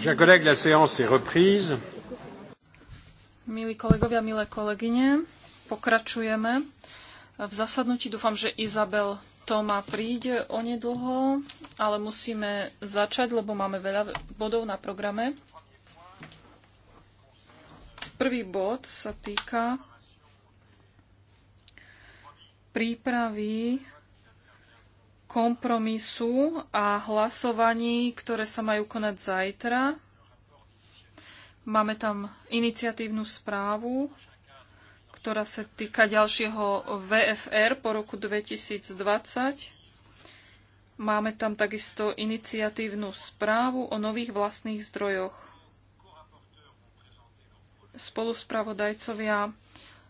Chers collègues, la séance est reprise. Milí kolegovia, milé kolegyne, pokračujeme v zasadnutí. Dúfam, že Izabel Toma príde onedlho, ale musíme začať, lebo máme veľa bodov na programe. Prvý bod sa týka prípravy kompromisu a hlasovaní, ktoré sa majú konať zajtra. Máme tam iniciatívnu správu, ktorá sa týka ďalšieho VFR po roku 2020. Máme tam takisto iniciatívnu správu o nových vlastných zdrojoch. Spoluspravodajcovia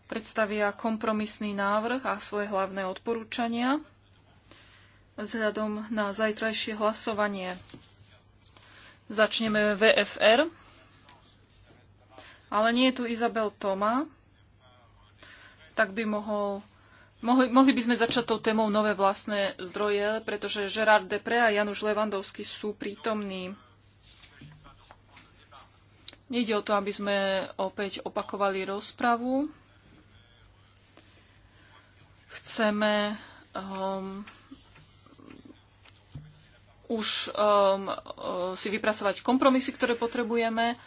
predstavia kompromisný návrh a svoje hlavné odporúčania vzhľadom na zajtrajšie hlasovanie. Začneme VFR, ale nie je tu Izabel Toma, tak by mohol Mohli, mohli by sme začať tou témou nové vlastné zdroje, pretože Gerard Depre a Januš Levandovský sú prítomní. Nejde o to, aby sme opäť opakovali rozpravu. Chceme um, už um, uh, si vypracovať kompromisy, ktoré potrebujeme.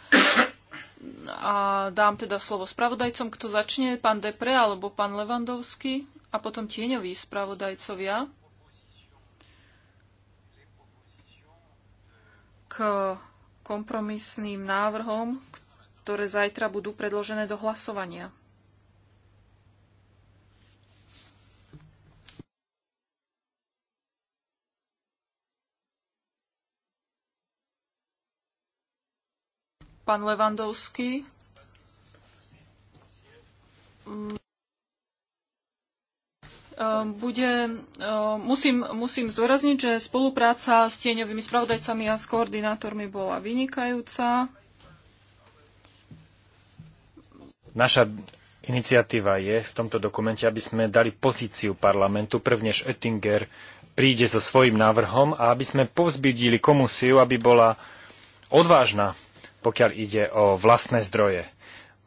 A dám teda slovo spravodajcom, kto začne, pán Depre alebo pán Levandovský a potom tieňoví spravodajcovia k kompromisným návrhom, ktoré zajtra budú predložené do hlasovania. pán Levandovský. Mm. Bude, eh, musím, musím zdôrazniť, že spolupráca s tieňovými spravodajcami a s koordinátormi bola vynikajúca. Naša iniciatíva je v tomto dokumente, aby sme dali pozíciu parlamentu, prvnež Oettinger príde so svojím návrhom a aby sme povzbudili komisiu, aby bola odvážna pokiaľ ide o vlastné zdroje.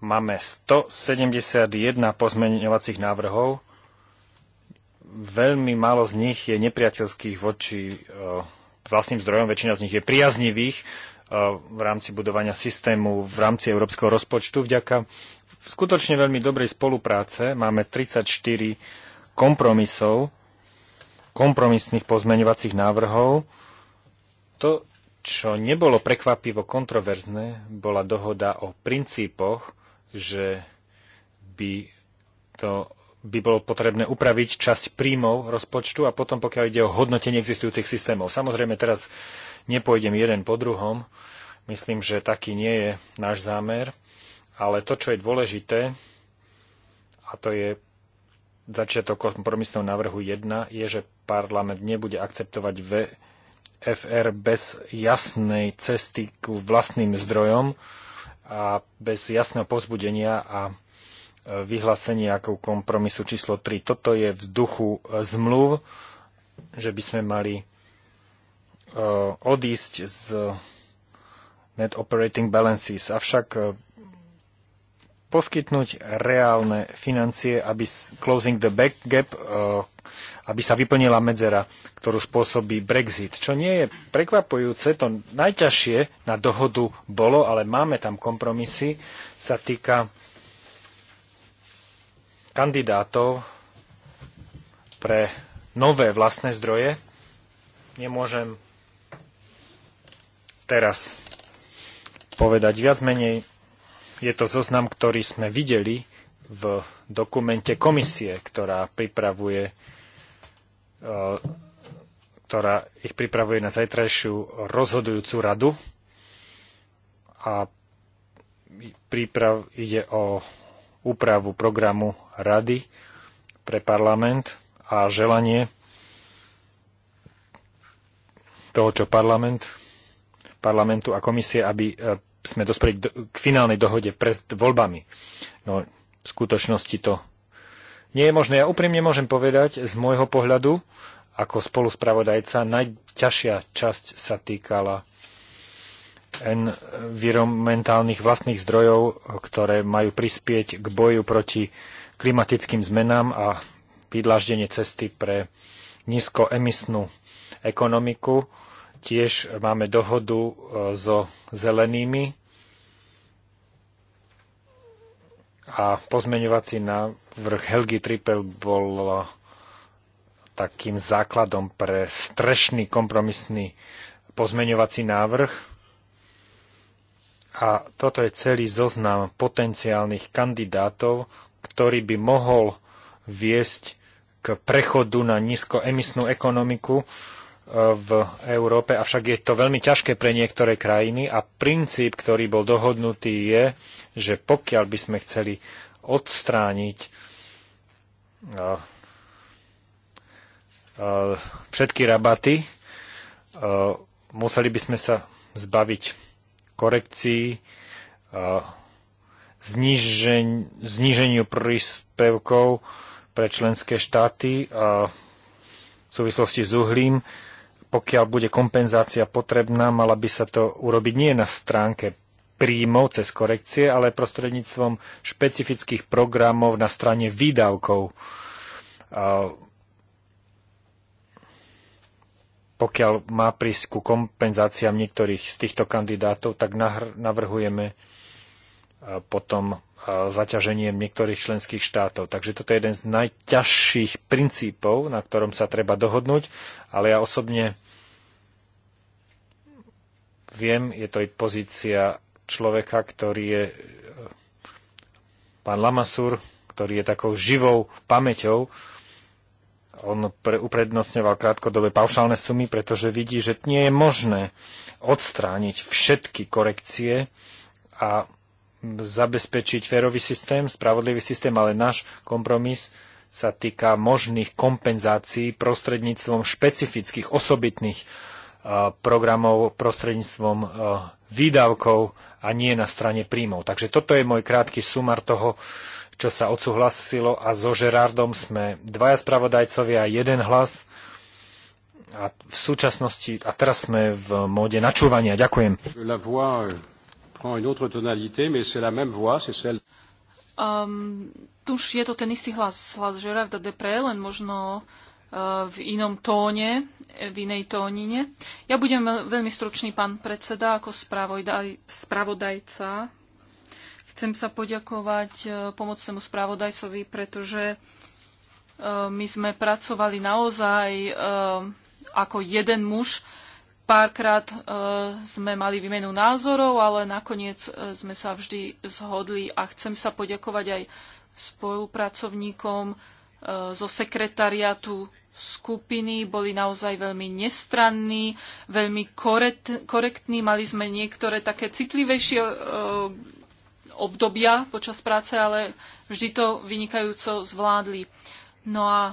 Máme 171 pozmeňovacích návrhov. Veľmi málo z nich je nepriateľských voči e, vlastným zdrojom, väčšina z nich je priaznivých e, v rámci budovania systému, v rámci európskeho rozpočtu. Vďaka skutočne veľmi dobrej spolupráce máme 34 kompromisov, kompromisných pozmeňovacích návrhov. To čo nebolo prekvapivo kontroverzné, bola dohoda o princípoch, že by to by bolo potrebné upraviť časť príjmov rozpočtu a potom, pokiaľ ide o hodnotenie existujúcich systémov. Samozrejme, teraz nepôjdem jeden po druhom. Myslím, že taký nie je náš zámer. Ale to, čo je dôležité, a to je začiatok kompromisného návrhu 1, je, že parlament nebude akceptovať ve- FR bez jasnej cesty k vlastným zdrojom a bez jasného povzbudenia a e, vyhlásenia ako kompromisu číslo 3. Toto je v duchu e, zmluv, že by sme mali e, odísť z net operating balances. Avšak poskytnúť reálne financie, aby closing the back gap, eh, aby sa vyplnila medzera, ktorú spôsobí Brexit. Čo nie je prekvapujúce, to najťažšie na dohodu bolo, ale máme tam kompromisy, sa týka kandidátov pre nové vlastné zdroje. Nemôžem teraz povedať viac menej je to zoznam, ktorý sme videli v dokumente komisie, ktorá pripravuje e, ktorá ich pripravuje na zajtrajšiu rozhodujúcu radu a príprav ide o úpravu programu rady pre parlament a želanie toho, čo parlament, parlamentu a komisie, aby e, sme dospeli k finálnej dohode pred voľbami. No, v skutočnosti to nie je možné. Ja úprimne môžem povedať, z môjho pohľadu, ako spoluspravodajca, najťažšia časť sa týkala environmentálnych vlastných zdrojov, ktoré majú prispieť k boju proti klimatickým zmenám a vydlaždenie cesty pre nízkoemisnú ekonomiku Tiež máme dohodu e, so zelenými a pozmeňovací návrh Helgi Trippel bol takým základom pre strešný kompromisný pozmeňovací návrh. A toto je celý zoznam potenciálnych kandidátov, ktorý by mohol viesť k prechodu na nízkoemisnú ekonomiku, v Európe, avšak je to veľmi ťažké pre niektoré krajiny a princíp, ktorý bol dohodnutý, je, že pokiaľ by sme chceli odstrániť všetky rabaty, museli by sme sa zbaviť korekcií, zníženiu príspevkov pre členské štáty v súvislosti s uhlím, pokiaľ bude kompenzácia potrebná, mala by sa to urobiť nie na stránke príjmov cez korekcie, ale prostredníctvom špecifických programov na strane výdavkov. Pokiaľ má prísť ku kompenzáciám niektorých z týchto kandidátov, tak navrhujeme potom zaťaženiem niektorých členských štátov. Takže toto je jeden z najťažších princípov, na ktorom sa treba dohodnúť, ale ja osobne viem, je to i pozícia človeka, ktorý je pán Lamasur, ktorý je takou živou pamäťou. On pre, uprednostňoval krátkodobé paušálne sumy, pretože vidí, že nie je možné odstrániť všetky korekcie a zabezpečiť férový systém, spravodlivý systém, ale náš kompromis sa týka možných kompenzácií prostredníctvom špecifických osobitných e, programov, prostredníctvom e, výdavkov a nie na strane príjmov. Takže toto je môj krátky sumar toho, čo sa odsúhlasilo a so Žerardom sme dvaja spravodajcovia a jeden hlas a v súčasnosti, a teraz sme v móde načúvania. Ďakujem prend une autre tonalité, mais c'est la même voix, c'est celle... Um, tuž je to ten istý hlas, hlas Gerarda Depre, len možno uh, v inom tóne, v inej tónine. Ja budem veľmi stručný, pán predseda, ako spravodajca. Chcem sa poďakovať uh, pomocnému spravodajcovi, pretože uh, my sme pracovali naozaj ako jeden muž Párkrát e, sme mali výmenu názorov, ale nakoniec e, sme sa vždy zhodli a chcem sa poďakovať aj spolupracovníkom e, zo sekretariatu skupiny, boli naozaj veľmi nestranní, veľmi korekt, korektní, mali sme niektoré také citlivejšie e, obdobia počas práce, ale vždy to vynikajúco zvládli. No a e,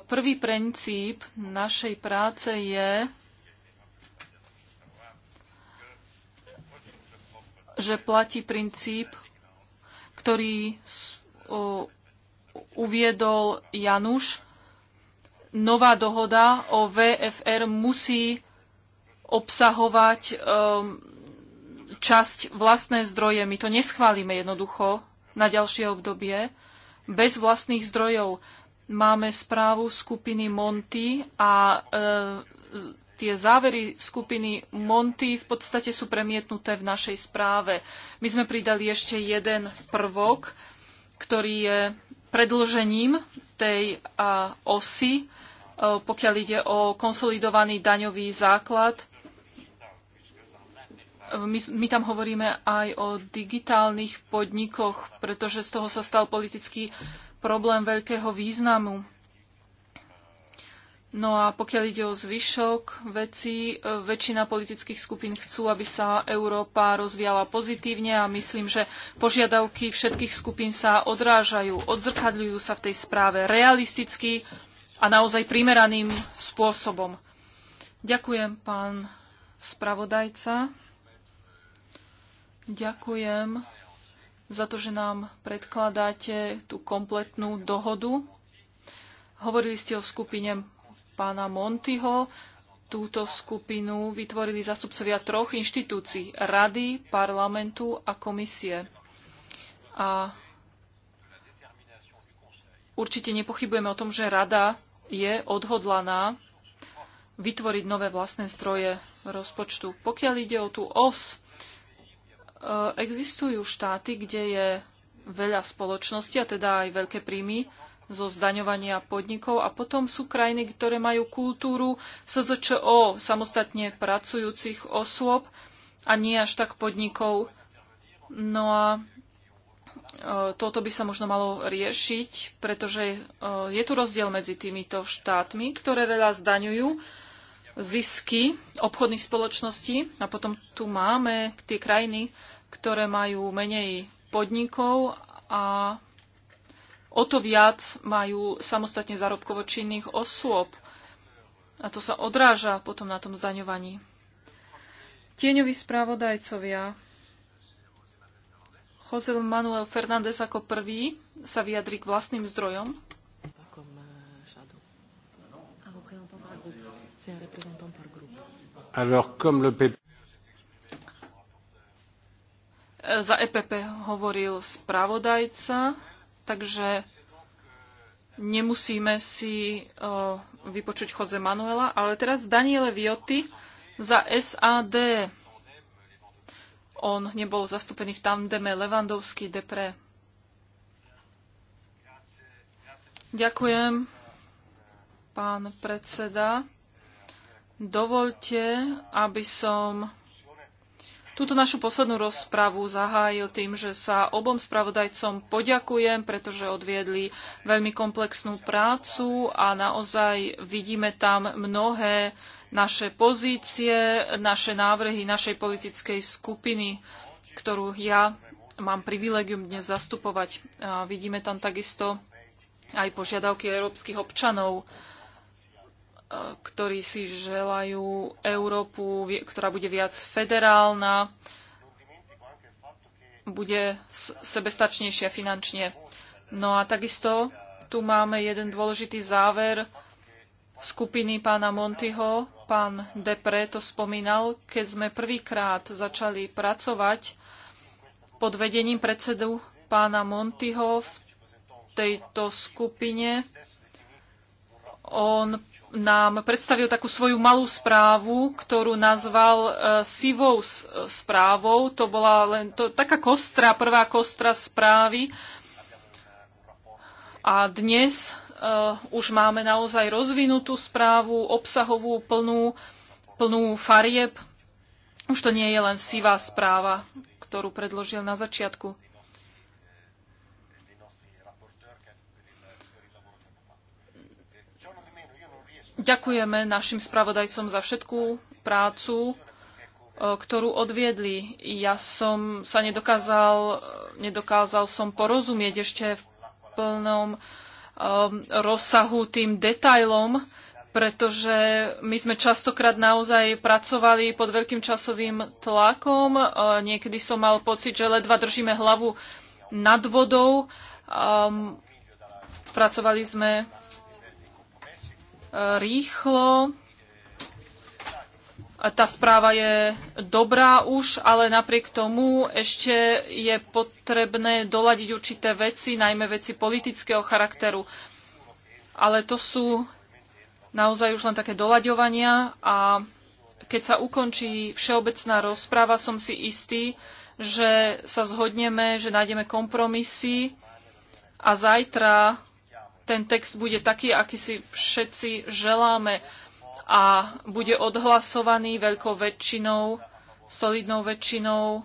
prvý princíp našej práce je že platí princíp, ktorý uviedol Januš. Nová dohoda o VFR musí obsahovať um, časť vlastné zdroje. My to neschválime jednoducho na ďalšie obdobie. Bez vlastných zdrojov máme správu skupiny Monty a e, tie závery skupiny Monty v podstate sú premietnuté v našej správe. My sme pridali ešte jeden prvok, ktorý je predlžením tej osy, e, pokiaľ ide o konsolidovaný daňový základ. E, my, my tam hovoríme aj o digitálnych podnikoch, pretože z toho sa stal politický problém veľkého významu. No a pokiaľ ide o zvyšok veci, e, väčšina politických skupín chcú, aby sa Európa rozvíjala pozitívne a myslím, že požiadavky všetkých skupín sa odrážajú, odzrkadľujú sa v tej správe realisticky a naozaj primeraným spôsobom. Ďakujem, pán spravodajca. Ďakujem za to, že nám predkladáte tú kompletnú dohodu. Hovorili ste o skupine pána Montyho túto skupinu vytvorili zastupcovia troch inštitúcií Rady, parlamentu a komisie. A určite nepochybujeme o tom, že Rada je odhodlaná vytvoriť nové vlastné zdroje rozpočtu. Pokiaľ ide o tú os, e, existujú štáty, kde je veľa spoločnosti a teda aj veľké príjmy zo zdaňovania podnikov a potom sú krajiny, ktoré majú kultúru SZČO, samostatne pracujúcich osôb a nie až tak podnikov. No a e, toto by sa možno malo riešiť, pretože e, je tu rozdiel medzi týmito štátmi, ktoré veľa zdaňujú zisky obchodných spoločností a potom tu máme tie krajiny, ktoré majú menej podnikov a o to viac majú samostatne zárobkovo činných osôb. A to sa odráža potom na tom zdaňovaní. Tieňoví správodajcovia José Manuel Fernández ako prvý sa vyjadri k vlastným zdrojom. Za EPP hovoril spravodajca takže nemusíme si vypočuť Jose Manuela, ale teraz Daniele Vioty za SAD. On nebol zastúpený v tandeme Levandovský Depre. Ďakujem, pán predseda. Dovolte, aby som Túto našu poslednú rozpravu zahájil tým, že sa obom spravodajcom poďakujem, pretože odviedli veľmi komplexnú prácu a naozaj vidíme tam mnohé naše pozície, naše návrhy našej politickej skupiny, ktorú ja mám privilegium dnes zastupovať. A vidíme tam takisto aj požiadavky európskych občanov, ktorí si želajú Európu, ktorá bude viac federálna, bude sebestačnejšia finančne. No a takisto tu máme jeden dôležitý záver skupiny pána Montyho. Pán Depre to spomínal, keď sme prvýkrát začali pracovať pod vedením predsedu pána Montyho v tejto skupine. On nám predstavil takú svoju malú správu, ktorú nazval e, sivou správou. To bola len to, taká kostra, prvá kostra správy. A dnes uh, už máme naozaj rozvinutú správu, obsahovú, plnú, plnú farieb. Už to nie je len sivá správa, ktorú predložil na začiatku. Ďakujeme našim spravodajcom za všetkú prácu, e, ktorú odviedli. Ja som sa nedokázal, nedokázal som porozumieť ešte v plnom um, rozsahu tým detailom, pretože my sme častokrát naozaj pracovali pod veľkým časovým tlakom. E, niekedy som mal pocit, že ledva držíme hlavu nad vodou. Um, pracovali sme rýchlo. Tá správa je dobrá už, ale napriek tomu ešte je potrebné doladiť určité veci, najmä veci politického charakteru. Ale to sú naozaj už len také dolaďovania a keď sa ukončí všeobecná rozpráva, som si istý, že sa zhodneme, že nájdeme kompromisy a zajtra ten text bude taký, aký si všetci želáme a bude odhlasovaný veľkou väčšinou, solidnou väčšinou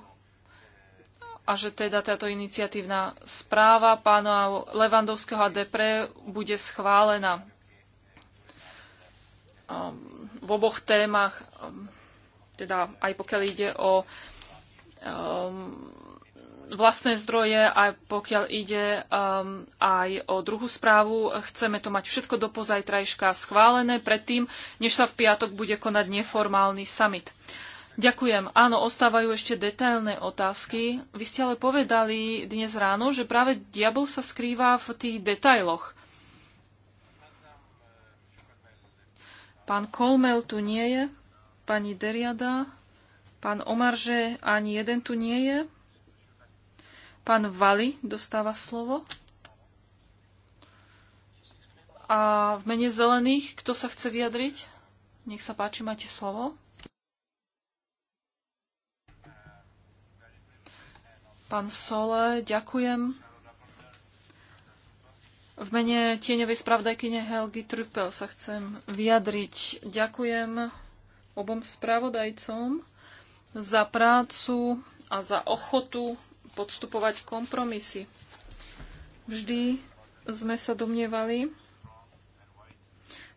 a že teda táto iniciatívna správa pána Levandovského a Depre bude schválená ehm, v oboch témach, ehm, teda aj pokiaľ ide o um, vlastné zdroje a pokiaľ ide um, aj o druhú správu, chceme to mať všetko do pozajtrajška schválené predtým, než sa v piatok bude konať neformálny summit. Ďakujem. Áno, ostávajú ešte detailné otázky. Vy ste ale povedali dnes ráno, že práve diabol sa skrýva v tých detailoch. Pán Kolmel tu nie je, pani Deriada, pán Omarže ani jeden tu nie je. Pán Vali dostáva slovo. A v mene zelených, kto sa chce vyjadriť? Nech sa páči, máte slovo. Pán Sole, ďakujem. V mene tieňovej spravodajkyne Helgi Trupel sa chcem vyjadriť. Ďakujem obom spravodajcom za prácu a za ochotu podstupovať kompromisy. Vždy sme sa domnievali,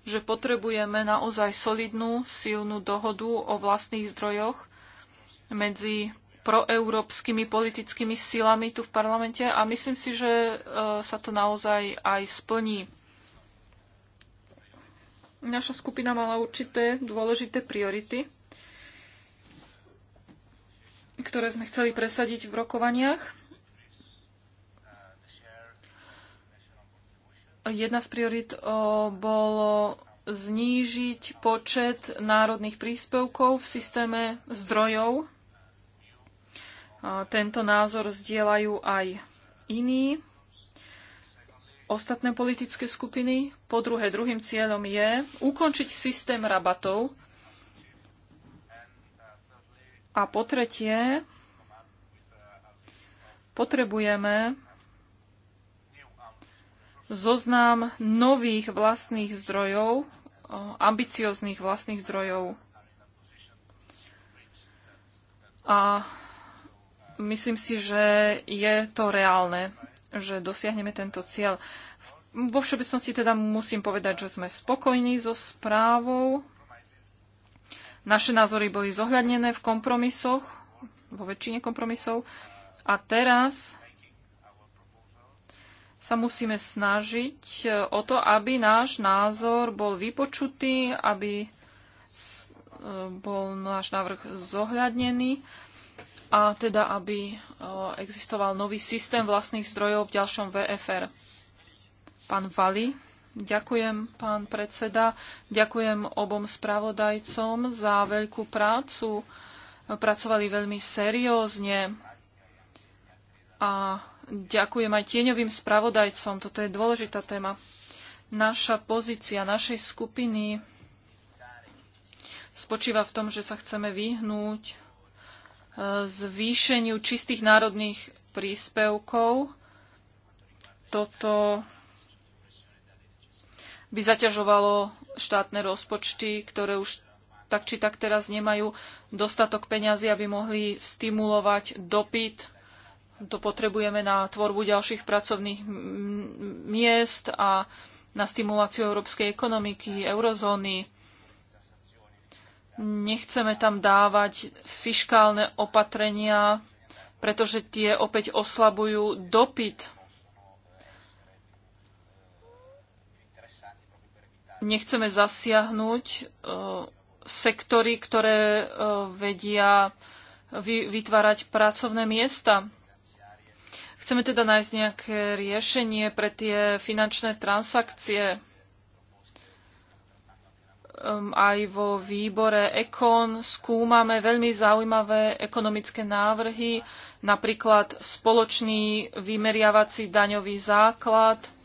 že potrebujeme naozaj solidnú, silnú dohodu o vlastných zdrojoch medzi proeurópskymi politickými silami tu v parlamente a myslím si, že e, sa to naozaj aj splní. Naša skupina mala určité dôležité priority ktoré sme chceli presadiť v rokovaniach. Jedna z priorit bolo znížiť počet národných príspevkov v systéme zdrojov. Tento názor zdieľajú aj iní ostatné politické skupiny. Po druhé, druhým cieľom je ukončiť systém rabatov, a po tretie, potrebujeme zoznam nových vlastných zdrojov, ambicioznych vlastných zdrojov. A myslím si, že je to reálne, že dosiahneme tento cieľ. Vo všeobecnosti teda musím povedať, že sme spokojní so správou. Naše názory boli zohľadnené v kompromisoch, vo väčšine kompromisov. A teraz sa musíme snažiť e, o to, aby náš názor bol vypočutý, aby e, bol náš návrh zohľadnený a teda, aby e, existoval nový systém vlastných zdrojov v ďalšom VFR. Pán Vali. Ďakujem, pán predseda. Ďakujem obom spravodajcom za veľkú prácu. Pracovali veľmi seriózne. A ďakujem aj tieňovým spravodajcom. Toto je dôležitá téma. Naša pozícia našej skupiny spočíva v tom, že sa chceme vyhnúť e, zvýšeniu čistých národných príspevkov. Toto by zaťažovalo štátne rozpočty, ktoré už tak či tak teraz nemajú dostatok peňazí, aby mohli stimulovať dopyt. To potrebujeme na tvorbu ďalších pracovných miest a na stimuláciu európskej ekonomiky, eurozóny. Nechceme tam dávať fiškálne opatrenia, pretože tie opäť oslabujú dopyt nechceme zasiahnuť e, sektory, ktoré e, vedia e, vytvárať pracovné miesta. Chceme teda nájsť nejaké riešenie pre tie finančné transakcie. Aj vo výbore EKON skúmame veľmi zaujímavé ekonomické návrhy, napríklad spoločný vymeriavací daňový základ –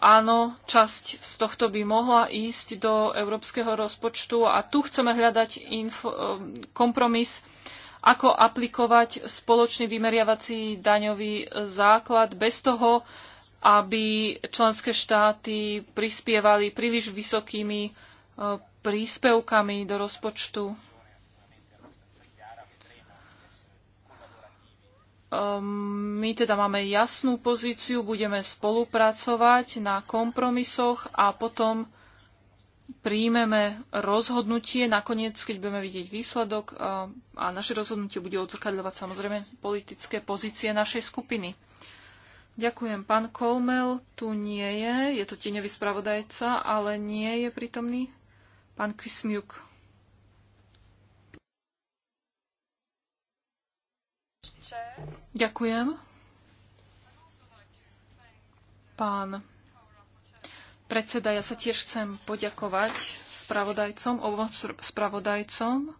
áno, časť z tohto by mohla ísť do európskeho rozpočtu a tu chceme hľadať info, e, kompromis, ako aplikovať spoločný vymeriavací daňový základ bez toho, aby členské štáty prispievali príliš vysokými e, príspevkami do rozpočtu. Ehm, my teda máme jasnú pozíciu, budeme spolupracovať na kompromisoch a potom príjmeme rozhodnutie. Nakoniec, keď budeme vidieť výsledok ehm, a naše rozhodnutie bude odzrkadľovať samozrejme politické pozície našej skupiny. Ďakujem. Pán Kolmel tu nie je, je to tieňový spravodajca, ale nie je prítomný. Pán Kysmiuk. Ďakujem. Pán predseda, ja sa tiež chcem poďakovať spravodajcom, obom spravodajcom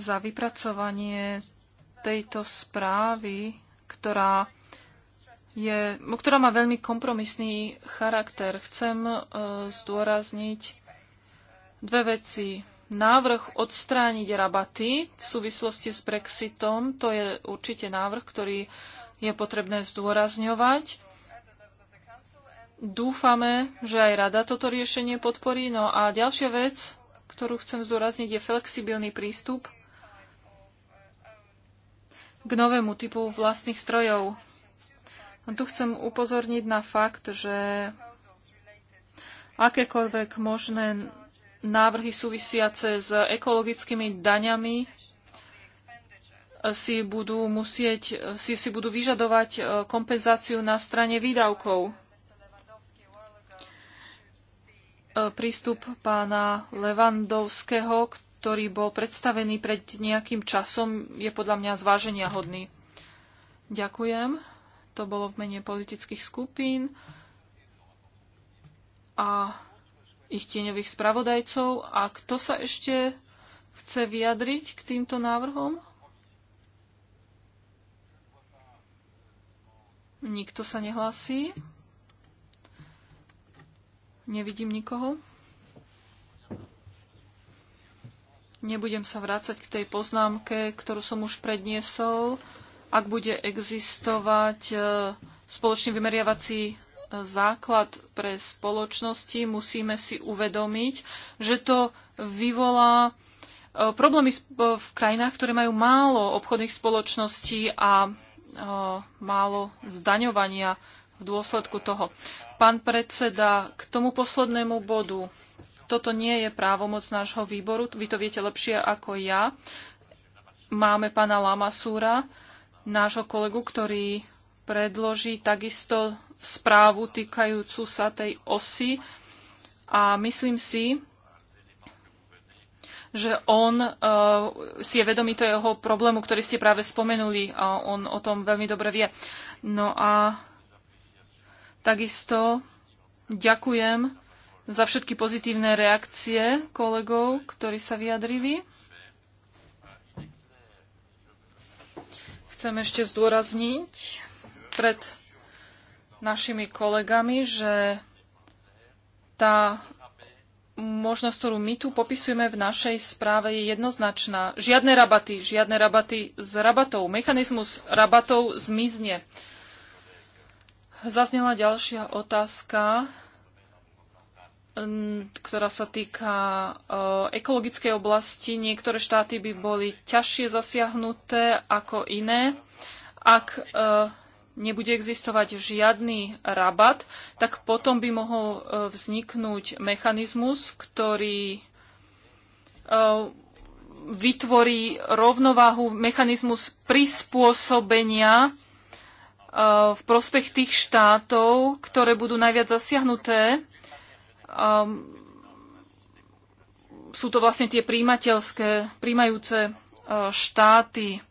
za vypracovanie tejto správy, ktorá, je, no, ktorá má veľmi kompromisný charakter. Chcem uh, zdôrazniť dve veci návrh odstrániť rabaty v súvislosti s Brexitom, to je určite návrh, ktorý je potrebné zdôrazňovať. Dúfame, že aj rada toto riešenie podporí. No a ďalšia vec, ktorú chcem zdôrazniť, je flexibilný prístup k novému typu vlastných strojov. A tu chcem upozorniť na fakt, že akékoľvek možné návrhy súvisiace s ekologickými daňami si budú musieť, si, si budú vyžadovať e, kompenzáciu na strane výdavkov. E, prístup pána Levandovského, ktorý bol predstavený pred nejakým časom, je podľa mňa zváženia hodný. Ďakujem. To bolo v mene politických skupín. A ich tieňových spravodajcov. A kto sa ešte chce vyjadriť k týmto návrhom? Nikto sa nehlásí. Nevidím nikoho. Nebudem sa vrácať k tej poznámke, ktorú som už predniesol. Ak bude existovať e, spoločný vymeriavací základ pre spoločnosti, musíme si uvedomiť, že to vyvolá e, problémy v krajinách, ktoré majú málo obchodných spoločností a e, málo zdaňovania v dôsledku toho. Pán predseda, k tomu poslednému bodu. Toto nie je právomoc nášho výboru, vy to viete lepšie ako ja. Máme pána Lamasúra, nášho kolegu, ktorý predloží takisto správu týkajúcu sa tej osy a myslím si, že on uh, si je vedomý to jeho problému, ktorý ste práve spomenuli a on o tom veľmi dobre vie. No a takisto ďakujem za všetky pozitívne reakcie kolegov, ktorí sa vyjadrili. Chcem ešte zdôrazniť, pred našimi kolegami, že tá možnosť, ktorú my tu popisujeme v našej správe, je jednoznačná. Žiadne rabaty, žiadne rabaty z rabatov. Mechanizmus rabatov zmizne. Zaznela ďalšia otázka, ktorá sa týka e, ekologickej oblasti. Niektoré štáty by boli ťažšie zasiahnuté ako iné, ak e, nebude existovať žiadny rabat, tak potom by mohol e, vzniknúť mechanizmus, ktorý e, vytvorí rovnováhu, mechanizmus prispôsobenia e, v prospech tých štátov, ktoré budú najviac zasiahnuté. Sú to vlastne tie príjimateľské, príjmajúce štáty.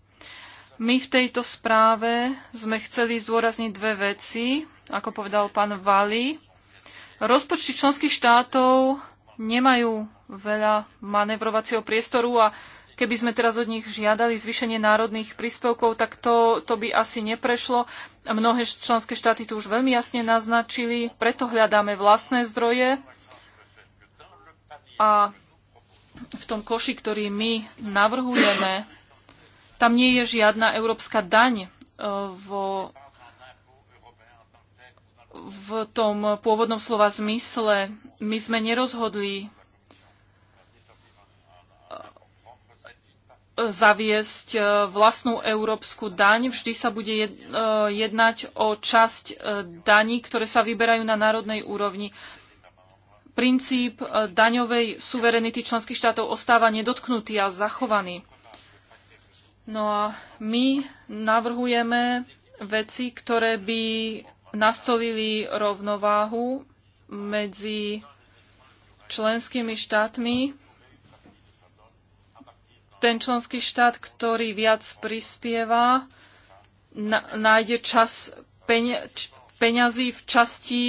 My v tejto správe sme chceli zdôrazniť dve veci, ako povedal pán Vali. Rozpočty členských štátov nemajú veľa manevrovacieho priestoru a keby sme teraz od nich žiadali zvýšenie národných príspevkov, tak to, to by asi neprešlo. Mnohé členské štáty tu už veľmi jasne naznačili, preto hľadáme vlastné zdroje a v tom koši, ktorý my navrhujeme, tam nie je žiadna európska daň e, vo, v tom pôvodnom slova zmysle. My sme nerozhodli e, zaviesť e, vlastnú európsku daň. Vždy sa bude jednať o časť daní, ktoré sa vyberajú na národnej úrovni. Princíp daňovej suverenity členských štátov ostáva nedotknutý a zachovaný. No a my navrhujeme veci, ktoré by nastolili rovnováhu medzi členskými štátmi. Ten členský štát, ktorý viac prispieva, nájde čas peňazí v časti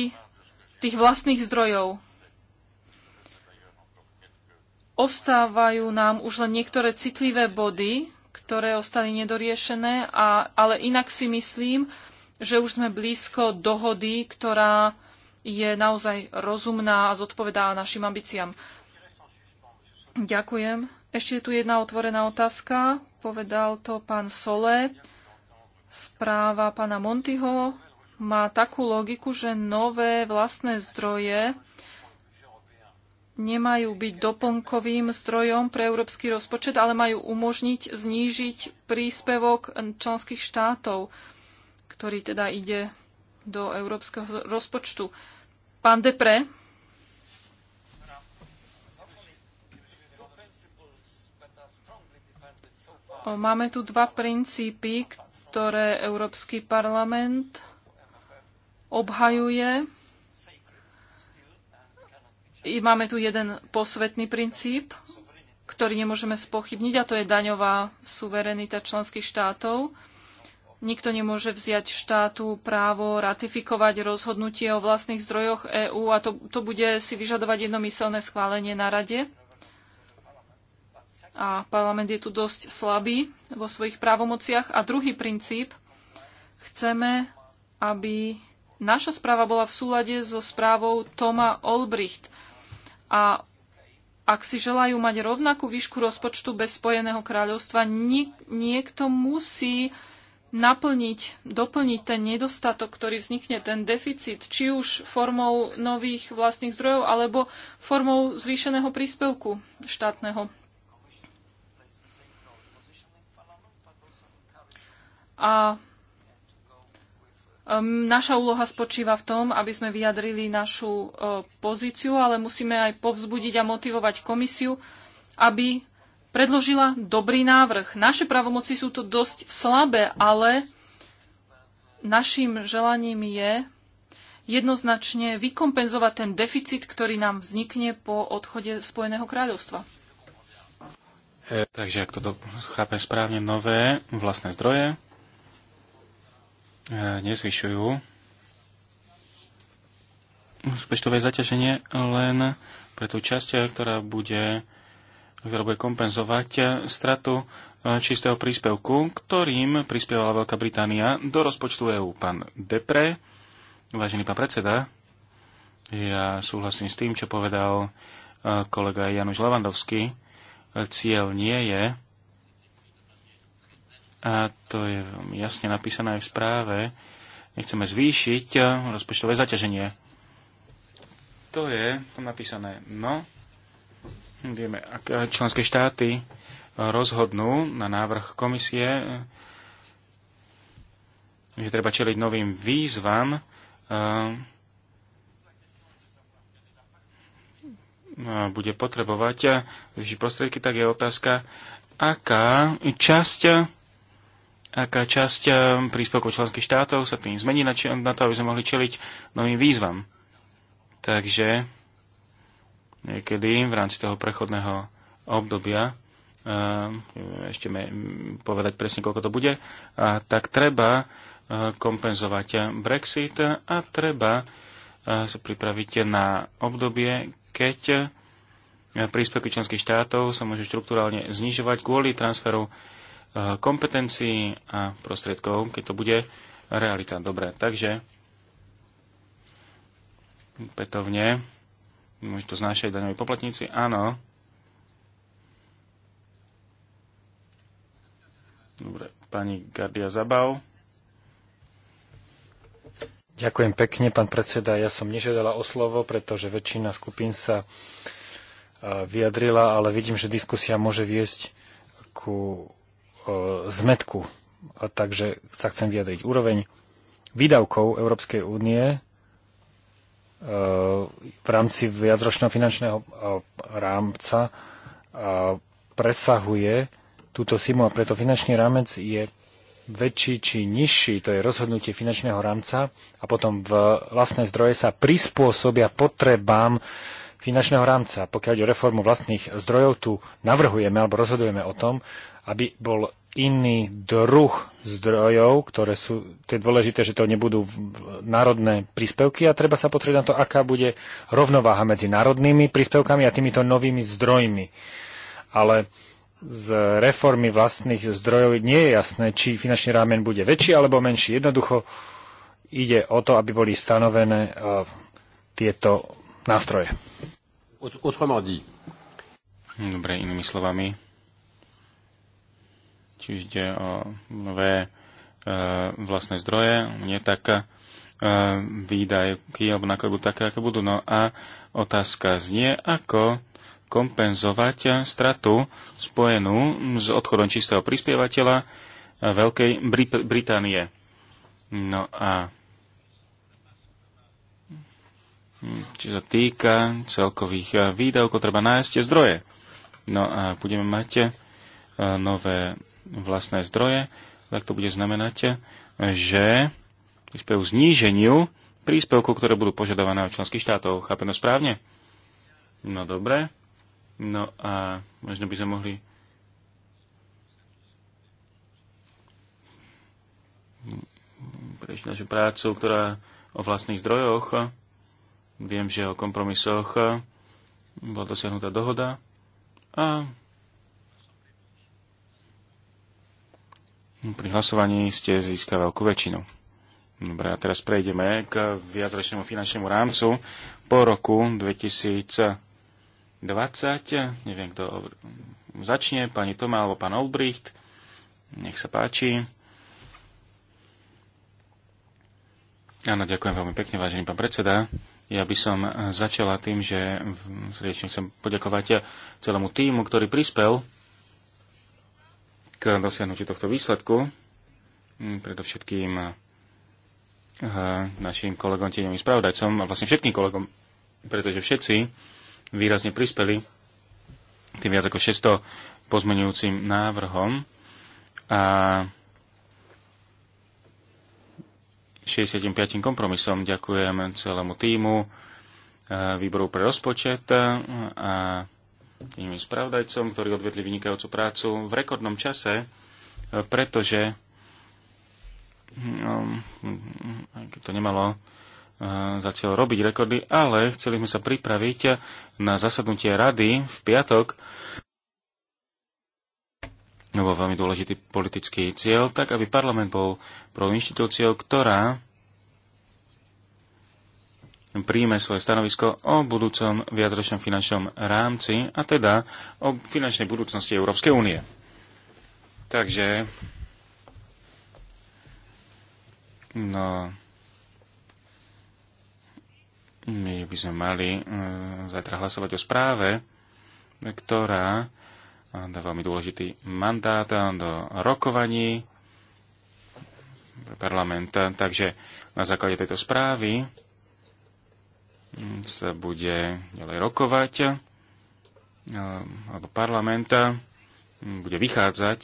tých vlastných zdrojov. Ostávajú nám už len niektoré citlivé body, ktoré ostali nedoriešené, a, ale inak si myslím, že už sme blízko dohody, ktorá je naozaj rozumná a zodpovedá našim ambíciám. Ďakujem. Ešte je tu jedna otvorená otázka. Povedal to pán Sole. Správa pána Montyho má takú logiku, že nové vlastné zdroje nemajú byť doplnkovým zdrojom pre európsky rozpočet, ale majú umožniť znížiť príspevok členských štátov, ktorý teda ide do európskeho rozpočtu. Pán Depre. Máme tu dva princípy, ktoré Európsky parlament obhajuje i máme tu jeden posvetný princíp, ktorý nemôžeme spochybniť, a to je daňová suverenita členských štátov. Nikto nemôže vziať štátu právo ratifikovať rozhodnutie o vlastných zdrojoch EÚ a to, to bude si vyžadovať jednomyselné schválenie na Rade. A parlament je tu dosť slabý vo svojich právomociach. A druhý princíp, chceme, aby naša správa bola v súlade so správou Toma Olbricht a ak si želajú mať rovnakú výšku rozpočtu bez Spojeného kráľovstva, niek- niekto musí naplniť, doplniť ten nedostatok, ktorý vznikne, ten deficit, či už formou nových vlastných zdrojov alebo formou zvýšeného príspevku štátneho. A Naša úloha spočíva v tom, aby sme vyjadrili našu e, pozíciu, ale musíme aj povzbudiť a motivovať komisiu, aby predložila dobrý návrh. Naše pravomoci sú to dosť slabé, ale našim želaním je jednoznačne vykompenzovať ten deficit, ktorý nám vznikne po odchode Spojeného kráľovstva. E, takže ak toto chápem správne, nové vlastné zdroje, E, nezvyšujú rozpočtové zaťaženie len pre tú časť, ktorá bude, ktorá bude kompenzovať stratu e, čistého príspevku, ktorým prispievala Veľká Británia do rozpočtu EÚ. Pán Depre, vážený pán predseda, ja súhlasím s tým, čo povedal e, kolega Januš Lavandovský. Ciel nie je a to je veľmi jasne napísané aj v správe, nechceme zvýšiť eh, rozpočtové zaťaženie. To je tam napísané. No, vieme, ak eh, členské štáty rozhodnú na návrh komisie, že eh, treba čeliť novým výzvam, bude potrebovať vyšší prostriedky, tak je otázka, aká časť aká časť eh, príspevkov členských štátov sa tým zmení na, na to, aby sme mohli čeliť novým výzvam. Takže niekedy v rámci toho prechodného obdobia eh, ešte povedať presne, koľko to bude, a tak treba eh, kompenzovať Brexit a treba sa pripraviť na obdobie, keď príspevky členských štátov sa môže štruktúralne znižovať kvôli transferu Eh, kompetencií a prostriedkov, keď to bude realita. Dobre, takže petovne, môžu to znášať daňoví poplatníci, áno. Dobre, pani Gardia Zabau. Ďakujem pekne, pán predseda. Ja som nežiadala o slovo, pretože väčšina skupín sa eh, vyjadrila, ale vidím, že diskusia môže viesť ku E, zmetku. A takže sa chcem vyjadriť. Úroveň výdavkov Európskej únie e, v rámci viacročného finančného e, rámca presahuje túto simu a preto finančný rámec je väčší či nižší, to je rozhodnutie finančného rámca a potom v vlastné zdroje sa prispôsobia potrebám finančného rámca. Pokiaľ ide o reformu vlastných zdrojov, tu navrhujeme alebo rozhodujeme o tom, aby bol iný druh zdrojov, ktoré sú tie dôležité, že to nebudú národné príspevky a treba sa potrieť na to, aká bude rovnováha medzi národnými príspevkami a týmito novými zdrojmi. Ale z reformy vlastných zdrojov nie je jasné, či finančný rámen bude väčší alebo menší. Jednoducho ide o to, aby boli stanovené e, tieto nástroje. Dobre, inými slovami, Čiže ide o nové e, vlastné zdroje, nie tak e, výdajky alebo náklady také, aké budú. No a otázka znie, ako kompenzovať stratu spojenú s odchodom čistého prispievateľa e, Veľkej Brit- Británie. No a Hmm. čo sa týka celkových eh, výdavkov, treba nájsť zdroje. No a budeme mať eh, nové vlastné zdroje, tak to bude znamenať, eh, že príspevku zníženiu príspevkov, ktoré budú požadované od členských štátov. Chápem to správne? No dobre. No a možno by sme mohli prejsť našu prácu, ktorá o vlastných zdrojoch Viem, že o kompromisoch bola dosiahnutá dohoda a pri hlasovaní ste získali veľkú väčšinu. Dobre, a teraz prejdeme k viacročnému finančnému rámcu po roku 2020. Neviem, kto začne, pani Toma alebo pán Olbricht. Nech sa páči. Áno, ďakujem veľmi pekne, vážený pán predseda. Ja by som eh, začala tým, že srdečne chcem poďakovať eh, celému týmu, ktorý prispel k dosiahnutiu tohto výsledku. Mm, predovšetkým eh, našim kolegom tieňovým spravodajcom a vlastne všetkým kolegom, pretože všetci výrazne prispeli tým viac ako 600 pozmenujúcim návrhom a 65. kompromisom. Ďakujem celému týmu, e, výboru pre rozpočet e, a tým spravodajcom, ktorí odvedli vynikajúcu prácu v rekordnom čase, e, pretože no, to nemalo za cieľ robiť rekordy, ale chceli sme sa pripraviť na zasadnutie rady v piatok bol veľmi dôležitý politický cieľ, tak aby parlament bol pro inštitúciou, ktorá príjme svoje stanovisko o budúcom viacročnom finančnom rámci a teda o finančnej budúcnosti Európskej únie. Takže no my by sme mali e, zajtra hlasovať o správe, ktorá veľmi dôležitý mandát do rokovaní pre parlament. Takže na základe tejto správy sa bude ďalej rokovať alebo parlament bude vychádzať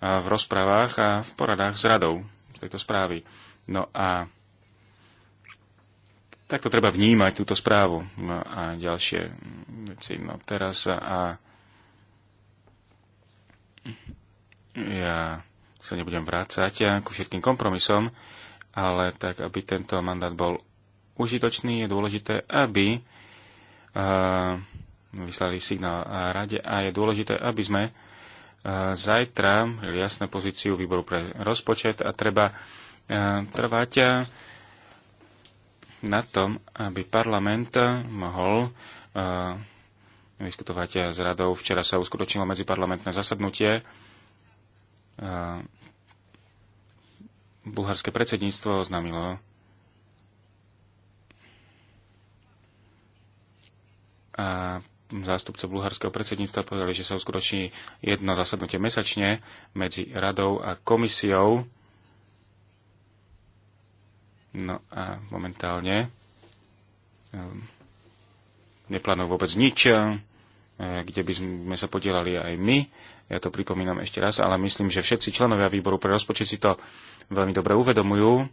v rozprávach a v poradách s radou tejto správy. No a takto treba vnímať túto správu no a ďalšie veci. No teraz a ja sa nebudem vrácať ja ku všetkým kompromisom, ale tak, aby tento mandát bol užitočný, je dôležité, aby uh, vyslali signál a rade a je dôležité, aby sme uh, zajtra jasnú pozíciu výboru pre rozpočet a treba uh, trvať na tom, aby parlament mohol uh, diskutovať eh, s radou. Včera sa uskutočnilo medziparlamentné zasadnutie. Eh, Bulharské predsedníctvo oznámilo a zástupca bulharského predsedníctva povedali, že sa uskutoční jedno zasadnutie mesačne medzi radou a komisiou. No a momentálne ehm, neplánujú vôbec nič E, kde by sme sa podielali aj my. Ja to pripomínam ešte raz, ale myslím, že všetci členovia výboru pre rozpočet si to veľmi dobre uvedomujú.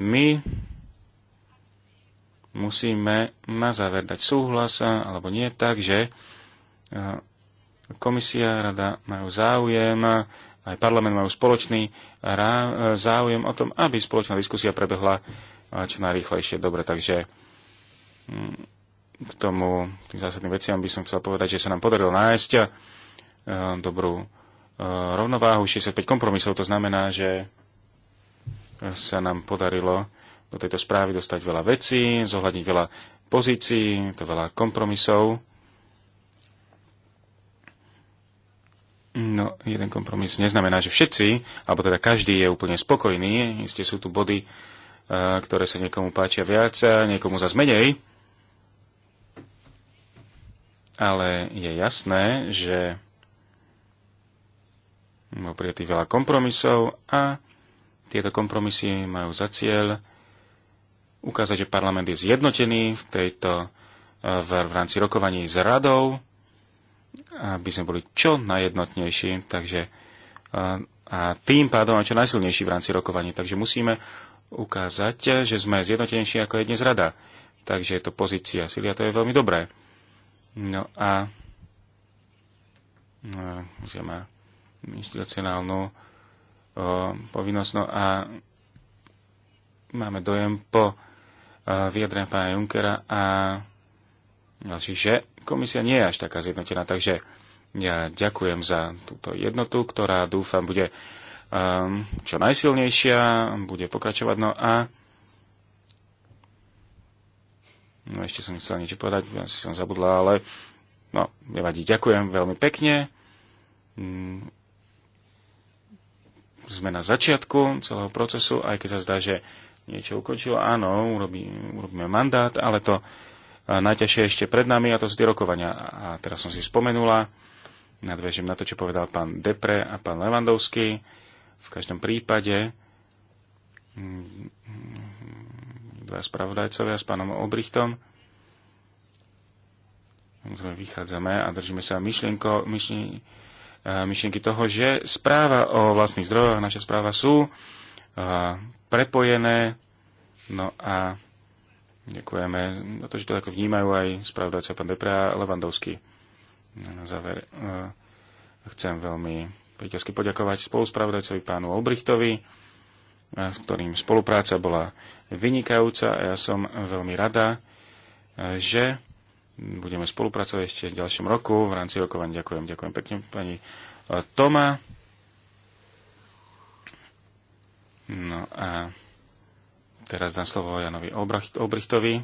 My musíme na záver dať súhlas alebo nie tak, že e, komisia, rada majú záujem, aj parlament majú spoločný e, záujem o tom, aby spoločná diskusia prebehla čo najrýchlejšie. Dobre, takže mm, k tomu, tým zásadným veciam by som chcel povedať, že sa nám podarilo nájsť eh, dobrú eh, rovnováhu, 65 kompromisov, to znamená, že sa nám podarilo do tejto správy dostať veľa vecí, zohľadniť veľa pozícií, to veľa kompromisov. No, jeden kompromis neznamená, že všetci, alebo teda každý je úplne spokojný. Isté sú tu body, eh, ktoré sa niekomu páčia viac, a niekomu zase menej ale je jasné, že bol prijatý veľa kompromisov a tieto kompromisy majú za cieľ ukázať, že parlament je zjednotený v tejto e, v, v rámci rokovaní s radou, aby sme boli čo najjednotnejší, takže a, e, a tým pádom aj čo najsilnejší v rámci rokovaní. Takže musíme ukázať, že sme zjednotenejší ako je dnes rada. Takže je to pozícia Silia, to je veľmi dobré. No a no, musia má inštitucionálnu povinnosť. No a máme dojem po e, vyjadrenia pána Junkera a ďalší, že komisia nie je až taká zjednotená. Takže ja ďakujem za túto jednotu, ktorá dúfam bude e, čo najsilnejšia, bude pokračovať. No a No, ešte som chcel niečo povedať, asi som zabudla, ale no, nevadí. Ďakujem veľmi pekne. Mm. Sme na začiatku celého procesu, aj keď sa zdá, že niečo ukončilo. Áno, urobí, urobíme mandát, ale to eh, najťažšie ešte pred nami a to sú tie rokovania. A teraz som si spomenula, Nadvežím na to, čo povedal pán Depre a pán Levandovský. V každom prípade mm, dva spravodajcovia s pánom Obrichtom. Samozrejme, vychádzame a držíme sa myšlienko, myšlienky, eh, myšlienky toho, že správa o vlastných zdrojoch, naša správa sú eh, prepojené. No a ďakujeme za to, že to tak vnímajú aj spravodajca pán Depra a Levandovský. No, na záver eh, chcem veľmi priateľsky poďakovať spoluspravodajcovi pánu Obrichtovi, s ktorým spolupráca bola vynikajúca a ja som veľmi rada, e, že budeme spolupracovať ešte v ďalšom roku v rámci rokovania. Ďakujem, ďakujem pekne pani e, Toma. No a teraz dám slovo Janovi Obrichtovi.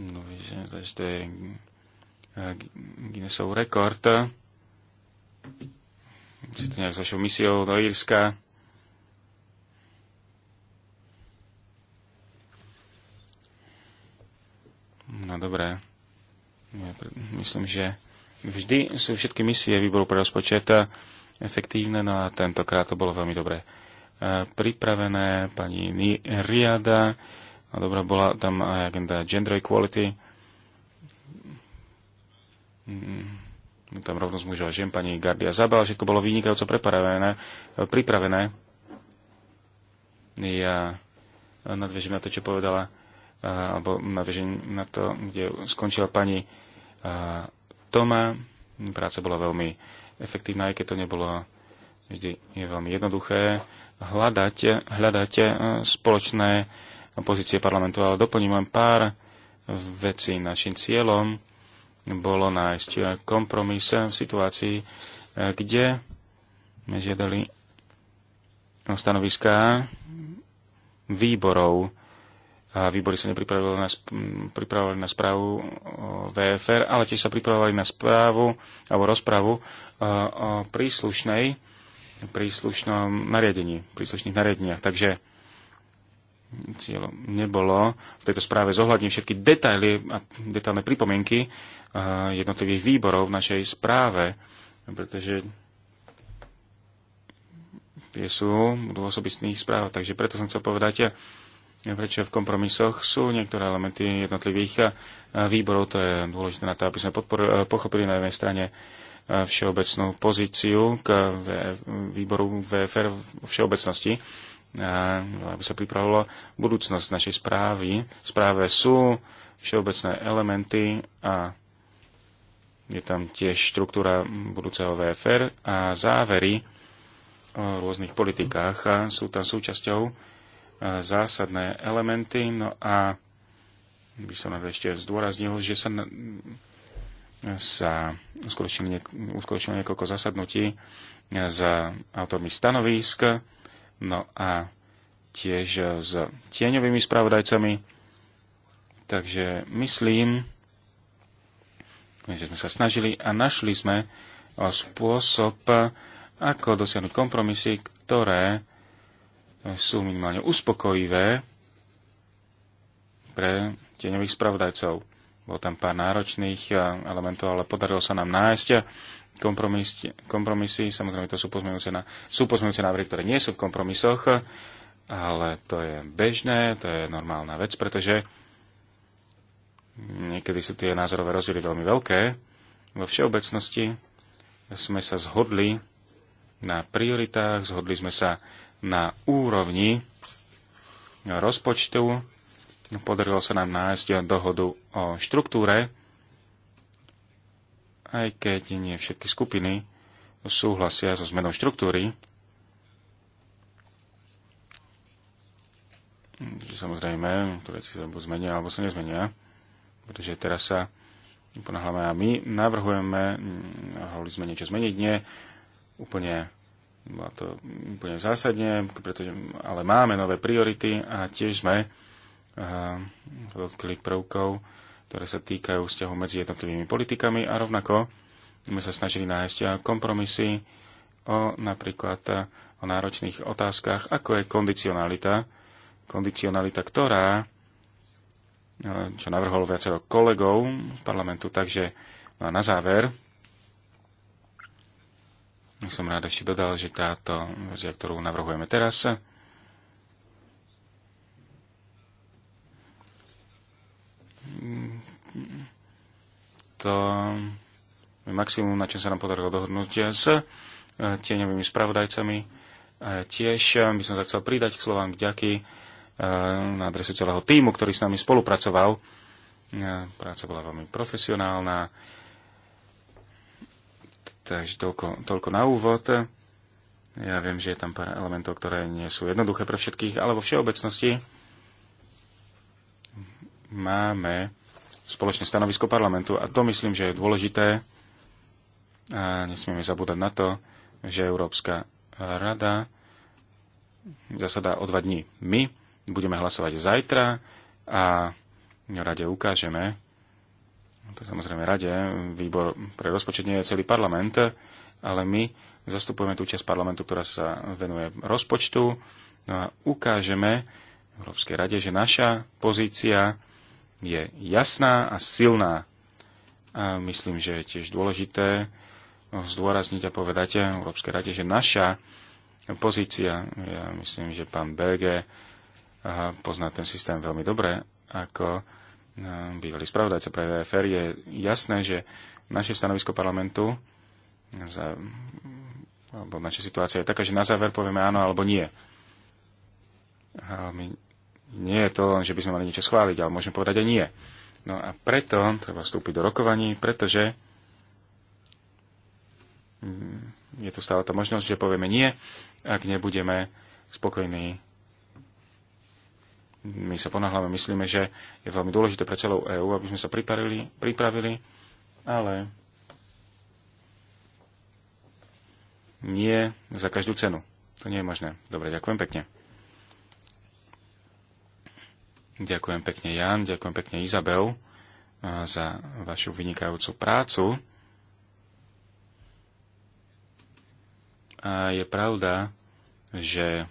No, že to je e, Guinnessov rekord. Si to nejak s vašou misiou do Írska. No dobré. Ja myslím, že vždy sú všetky misie výboru pre rozpočet eh, efektívne, no a tentokrát to bolo veľmi dobre eh, pripravené. Pani Riada, a no dobrá bola tam aj agenda Gender Equality. No tam rovnosť mužov a žien, pani Gardia Zabal, všetko bolo vynikajúco pripravené. Eh, pripravené. Ja nadviežem na to, čo povedala alebo navežím na to, kde skončila pani Toma. Práca bola veľmi efektívna, aj keď to nebolo vždy je veľmi jednoduché hľadať, hľadať e, spoločné pozície parlamentu, ale doplním len pár vecí. Našim cieľom bolo nájsť kompromis v situácii, e, kde sme žiadali stanoviská výborov a výbory sa nepripravovali na, pripravovali na správu VFR, ale tiež sa pripravovali na správu alebo rozpravu e, o príslušnej príslušnom nariadení, príslušných nariadeniach. Takže cieľom nebolo v tejto správe zohľadniť všetky detaily a detailné pripomienky e, jednotlivých výborov v našej správe, pretože tie sú dôsobistných správ, Takže preto som chcel povedať, prečo v kompromisoch sú niektoré elementy jednotlivých eh, výborov. To je dôležité na to, aby sme eh, pochopili na jednej strane eh, všeobecnú pozíciu k výboru VFR v všeobecnosti, aby sa pripravilo budúcnosť našej správy. V správe sú všeobecné elementy a je tam tiež štruktúra budúceho VFR a závery o rôznych politikách a sú tam súčasťou zásadné elementy. No a by som ešte zdôraznil, že sa, sa uskutočnilo, niekoľko zasadnutí s e, autormi stanovísk, no a tiež s tieňovými spravodajcami. Takže myslím, že sme sa snažili a našli sme spôsob, ako dosiahnuť kompromisy, ktoré sú minimálne uspokojivé pre tieňových spravodajcov. Bol tam pár náročných e, elementov, ale podarilo sa nám nájsť kompromis, kompromisy. Samozrejme, to sú pozmeňujúce, sú pozmeňujúce návrhy, ktoré nie sú v kompromisoch, ale to je bežné, to je normálna vec, pretože niekedy sú tie názorové rozdiely veľmi veľké. Vo všeobecnosti sme sa zhodli na prioritách, zhodli sme sa na úrovni rozpočtu. Podarilo sa nám nájsť dohodu o štruktúre, aj keď nie všetky skupiny súhlasia so zmenou štruktúry. Samozrejme, to veci sa zmenia alebo sa nezmenia, pretože teraz sa ponáhľame a my navrhujeme, hovorili sme niečo zmeniť, nie úplne bola to úplne zásadne, pretože, ale máme nové priority a tiež sme dotkli prvkov, ktoré sa týkajú vzťahu medzi jednotlivými politikami a rovnako sme sa snažili nájsť kompromisy o napríklad o náročných otázkach, ako je kondicionalita. Kondicionalita, ktorá, čo navrhol viacero kolegov z parlamentu, takže no a na záver som rád ešte dodal, že táto verzia, ktorú navrhujeme teraz, to je maximum, na čom sa nám podarilo dohodnúť s eh, tieňovými spravodajcami. Tiež eh, by som sa chcel pridať k slovám vďaky eh, na adresu celého týmu, ktorý s nami spolupracoval. Práca bola veľmi profesionálna Takže toľko, toľko na úvod. Ja viem, že je tam pár elementov, ktoré nie sú jednoduché pre všetkých, ale vo všeobecnosti máme spoločné stanovisko parlamentu a to myslím, že je dôležité a nesmieme zabúdať na to, že Európska rada zasadá o dva dní. My budeme hlasovať zajtra a rade ukážeme, No to samozrejme rade, výbor pre rozpočet nie je celý parlament, ale my zastupujeme tú časť parlamentu, ktorá sa venuje rozpočtu no a ukážeme Európskej rade, že naša pozícia je jasná a silná. A myslím, že je tiež dôležité zdôrazniť a povedať Európskej rade, že naša pozícia, ja myslím, že pán BG pozná ten systém veľmi dobre, ako Ehm, bývalý spravodajca pre VFR, e je jasné, že naše stanovisko parlamentu za, alebo naša situácia je taká, že na záver povieme áno alebo nie. A my, nie je to len, že by sme mali niečo schváliť, ale môžeme povedať aj nie. No a preto treba vstúpiť do rokovaní, pretože mm, je tu stále tá možnosť, že povieme nie, ak nebudeme spokojní my sa ponáhľame, myslíme, že je veľmi dôležité pre celú EÚ, aby sme sa pripravili, pripravili ale nie za každú cenu. To nie je možné. Dobre, ďakujem pekne. Ďakujem pekne Jan, ďakujem pekne Izabel za vašu vynikajúcu prácu. A je pravda, že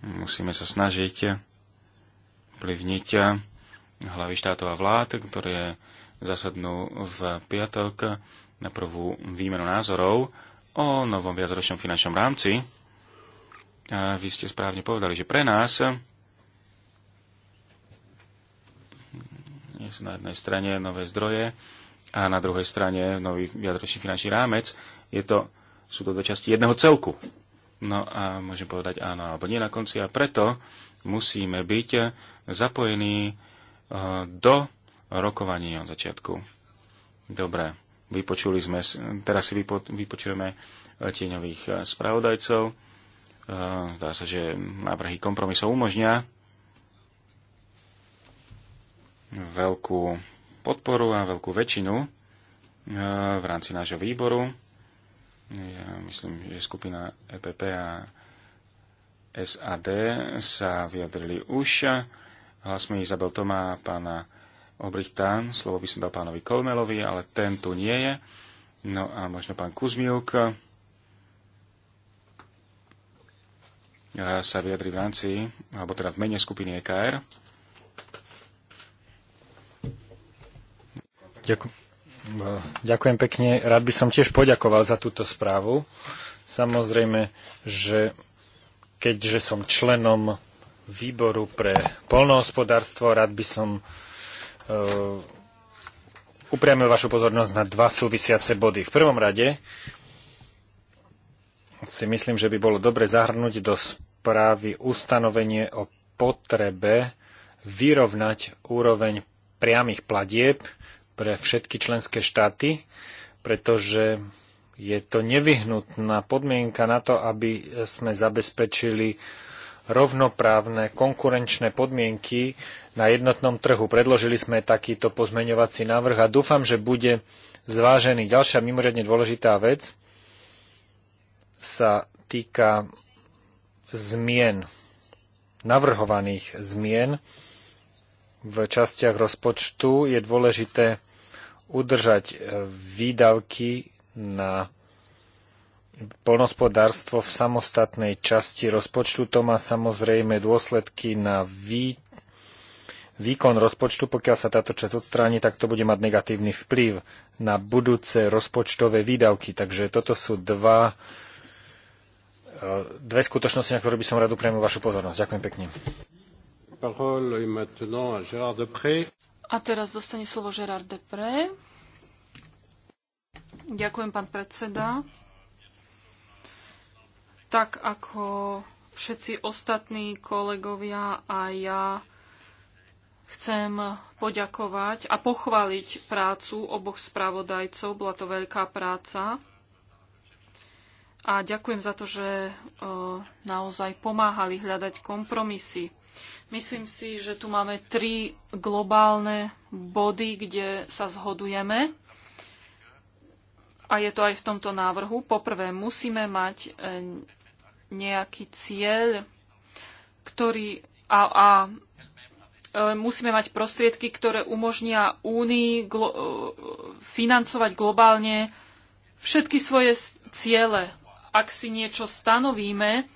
Musíme sa snažiť vplyvniť hlavy štátov a vlád, ktoré zasadnú v piatok na prvú výmenu názorov o novom viacročnom finančnom rámci. A vy ste správne povedali, že pre nás sú na jednej strane nové zdroje a na druhej strane nový viacročný finančný rámec. Je to, sú to dve časti jedného celku. No a môžem povedať áno alebo nie na konci a preto musíme byť zapojení eh, do rokovania od začiatku. Dobre, vypočuli sme, teraz si vypo, vypočujeme eh, tieňových eh, spravodajcov. Zdá sa, že návrhy kompromisov umožňa veľkú podporu a veľkú väčšinu v rámci nášho výboru. Ja myslím, že skupina EPP a SAD sa vyjadrili už. Hlasme Izabel Tomá a pána Obrichta. Slovo by som dal pánovi Kolmelovi, ale ten tu nie je. No a možno pán Kuzmiuk eh, sa vyjadri v rámci, alebo teda v mene skupiny EKR. Ďakujem. No, ďakujem pekne. Rád by som tiež poďakoval za túto správu. Samozrejme, že keďže som členom výboru pre polnohospodárstvo, rád by som uh, upriamil vašu pozornosť na dva súvisiace body. V prvom rade si myslím, že by bolo dobre zahrnúť do správy ustanovenie o potrebe vyrovnať úroveň priamých platieb pre všetky členské štáty, pretože je to nevyhnutná podmienka na to, aby sme zabezpečili rovnoprávne konkurenčné podmienky na jednotnom trhu. Predložili sme takýto pozmeňovací návrh a dúfam, že bude zvážený. Ďalšia mimoriadne dôležitá vec sa týka zmien, navrhovaných zmien v častiach rozpočtu. Je dôležité udržať e, výdavky na polnospodárstvo v samostatnej časti rozpočtu. To má samozrejme dôsledky na vý... výkon rozpočtu. Pokiaľ sa táto časť odstráni, tak to bude mať negatívny vplyv na budúce rozpočtové výdavky. Takže toto sú dva e, dve skutočnosti, na ktoré by som rád upriamil vašu pozornosť. Ďakujem pekne. A teraz dostane slovo Gerard Depre. Ďakujem, pán predseda. Tak ako všetci ostatní kolegovia a ja chcem poďakovať a pochváliť prácu oboch spravodajcov. Bola to veľká práca. A ďakujem za to, že eh, naozaj pomáhali hľadať kompromisy. Myslím si, že tu máme tri globálne body, kde sa zhodujeme. A je to aj v tomto návrhu. Poprvé, musíme mať e, nejaký cieľ, ktorý a, a e, musíme mať prostriedky, ktoré umožnia Únii glo- e, financovať globálne všetky svoje ciele. Ak si niečo stanovíme,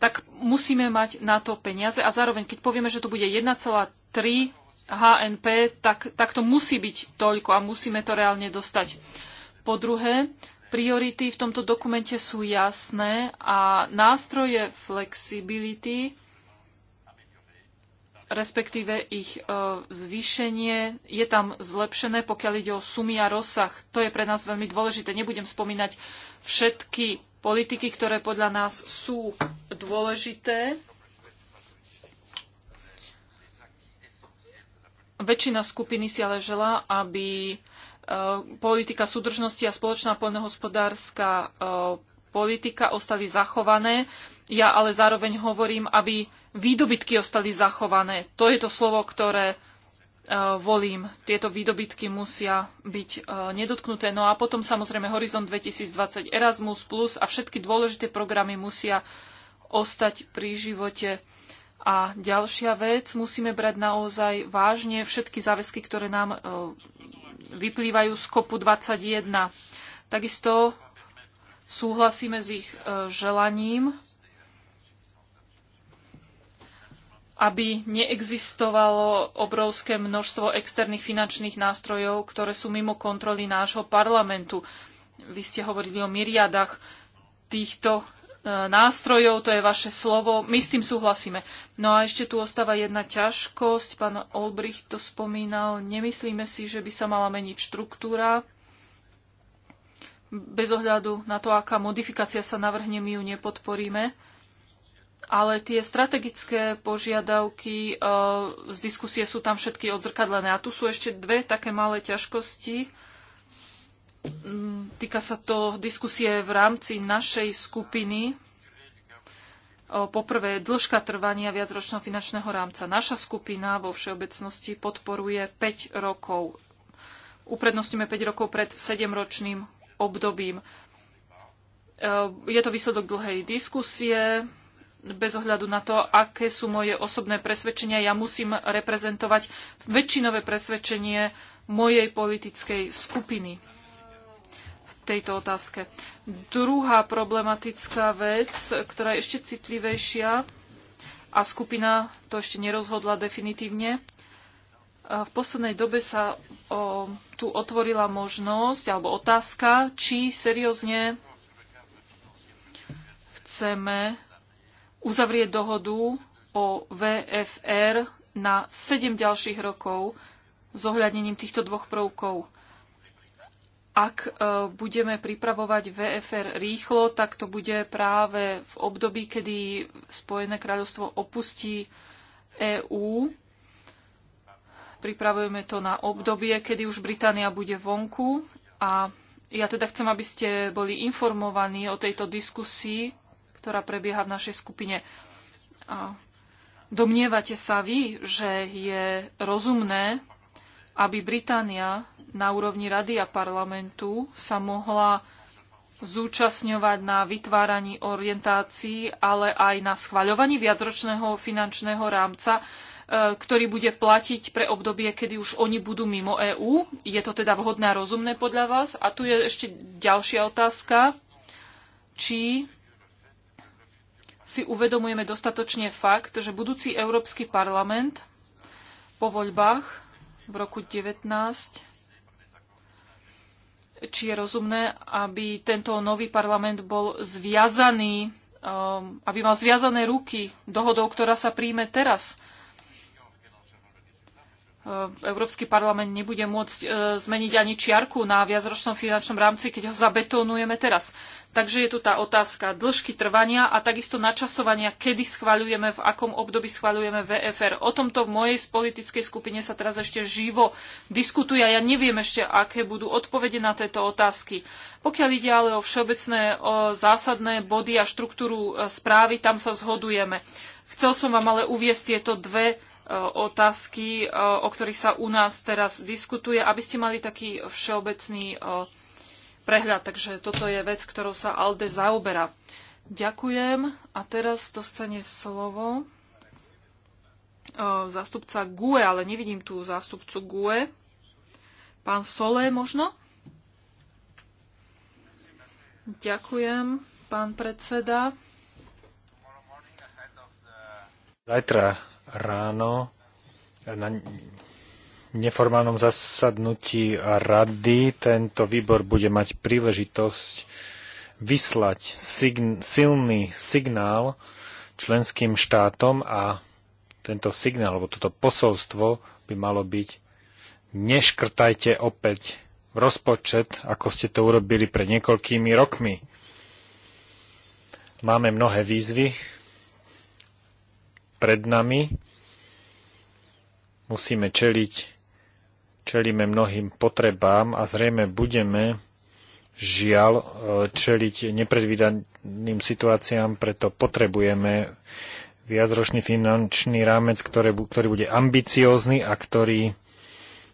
tak musíme mať na to peniaze a zároveň, keď povieme, že to bude 1,3 HNP, tak, tak to musí byť toľko a musíme to reálne dostať. Po druhé, priority v tomto dokumente sú jasné a nástroje flexibility, respektíve ich e, zvýšenie, je tam zlepšené, pokiaľ ide o sumy a rozsah. To je pre nás veľmi dôležité. Nebudem spomínať všetky politiky, ktoré podľa nás sú dôležité. Väčšina skupiny si ale žela, aby e, politika súdržnosti a spoločná poľnohospodárska e, politika ostali zachované. Ja ale zároveň hovorím, aby výdobytky ostali zachované. To je to slovo, ktoré E, volím. Tieto výdobytky musia byť e, nedotknuté. No a potom samozrejme Horizon 2020, Erasmus Plus a všetky dôležité programy musia ostať pri živote. A ďalšia vec, musíme brať naozaj vážne všetky záväzky, ktoré nám e, vyplývajú z kopu 21. Takisto súhlasíme s ich želaním aby neexistovalo obrovské množstvo externých finančných nástrojov, ktoré sú mimo kontroly nášho parlamentu. Vy ste hovorili o myriadach týchto e, nástrojov, to je vaše slovo, my s tým súhlasíme. No a ešte tu ostáva jedna ťažkosť, pán Olbricht to spomínal, nemyslíme si, že by sa mala meniť štruktúra, bez ohľadu na to, aká modifikácia sa navrhne, my ju nepodporíme ale tie strategické požiadavky e, z diskusie sú tam všetky odzrkadlené. A tu sú ešte dve také malé ťažkosti. Mm, týka sa to diskusie v rámci našej skupiny. Poprvé, dĺžka trvania viacročného finančného rámca. Naša skupina vo všeobecnosti podporuje 5 rokov. Uprednostňujeme 5 rokov pred 7-ročným obdobím. E, je to výsledok dlhej diskusie, bez ohľadu na to, aké sú moje osobné presvedčenia, ja musím reprezentovať väčšinové presvedčenie mojej politickej skupiny v tejto otázke. Druhá problematická vec, ktorá je ešte citlivejšia a skupina to ešte nerozhodla definitívne, e, v poslednej dobe sa o, tu otvorila možnosť alebo otázka, či seriózne chceme uzavrieť dohodu o VFR na 7 ďalších rokov s ohľadnením týchto dvoch prvkov. Ak e, budeme pripravovať VFR rýchlo, tak to bude práve v období, kedy Spojené kráľovstvo opustí EÚ. Pripravujeme to na obdobie, kedy už Británia bude vonku a ja teda chcem, aby ste boli informovaní o tejto diskusii, ktorá prebieha v našej skupine. Domnievate sa vy, že je rozumné, aby Británia na úrovni rady a parlamentu sa mohla zúčastňovať na vytváraní orientácií, ale aj na schvaľovaní viacročného finančného rámca, e, ktorý bude platiť pre obdobie, kedy už oni budú mimo EÚ. Je to teda vhodné a rozumné podľa vás? A tu je ešte ďalšia otázka, či si uvedomujeme dostatočne fakt, že budúci Európsky parlament po voľbách v roku 19 či je rozumné, aby tento nový parlament bol zviazaný, um, aby mal zviazané ruky dohodou, ktorá sa príjme teraz. E, Európsky parlament nebude môcť e, zmeniť ani čiarku na viacročnom finančnom rámci, keď ho zabetonujeme teraz. Takže je tu tá otázka dĺžky trvania a takisto načasovania, kedy schvaľujeme, v akom období schvaľujeme VFR. O tomto v mojej politickej skupine sa teraz ešte živo diskutuje a ja neviem ešte, aké budú odpovede na tieto otázky. Pokiaľ ide ale o všeobecné o zásadné body a štruktúru e, správy, tam sa zhodujeme. Chcel som vám ale uviesť tieto dve otázky, e, o ktorých sa u nás teraz diskutuje, aby ste mali taký všeobecný e, prehľad. Takže toto je vec, ktorou sa ALDE zaoberá. Ďakujem a teraz dostane slovo e, zástupca GUE, ale nevidím tu zástupcu GUE. Pán Solé možno? Ďakujem, pán predseda. Zajtra ráno na neformálnom zasadnutí rady tento výbor bude mať príležitosť vyslať sign- silný signál členským štátom a tento signál, alebo toto posolstvo by malo byť neškrtajte opäť rozpočet, ako ste to urobili pred niekoľkými rokmi. Máme mnohé výzvy, pred nami. Musíme čeliť, čelíme mnohým potrebám a zrejme budeme žiaľ e, čeliť nepredvídaným situáciám, preto potrebujeme viacročný finančný rámec, ktorý bude ambiciózny a ktorý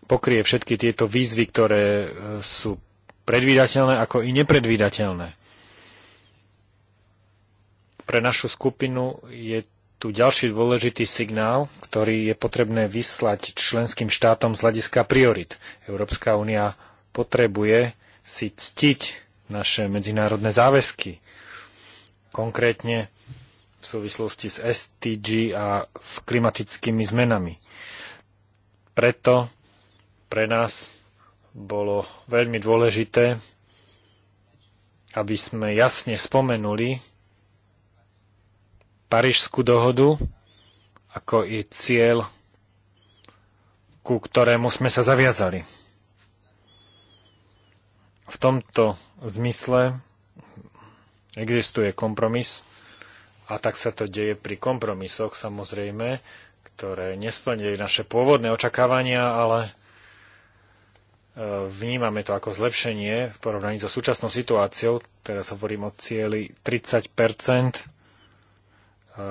pokrie všetky tieto výzvy, ktoré e, sú predvídateľné ako i nepredvídateľné. Pre našu skupinu je tu ďalší dôležitý signál, ktorý je potrebné vyslať členským štátom z hľadiska priorit. Európska únia potrebuje si ctiť naše medzinárodné záväzky. Konkrétne v súvislosti s STG a s klimatickými zmenami. Preto pre nás bolo veľmi dôležité, aby sme jasne spomenuli Parížskú dohodu, ako i cieľ, ku ktorému sme sa zaviazali. V tomto zmysle existuje kompromis a tak sa to deje pri kompromisoch samozrejme, ktoré nesplnili naše pôvodné očakávania, ale e, vnímame to ako zlepšenie v porovnaní so súčasnou situáciou. Teraz hovorím o cieli 30 Eh,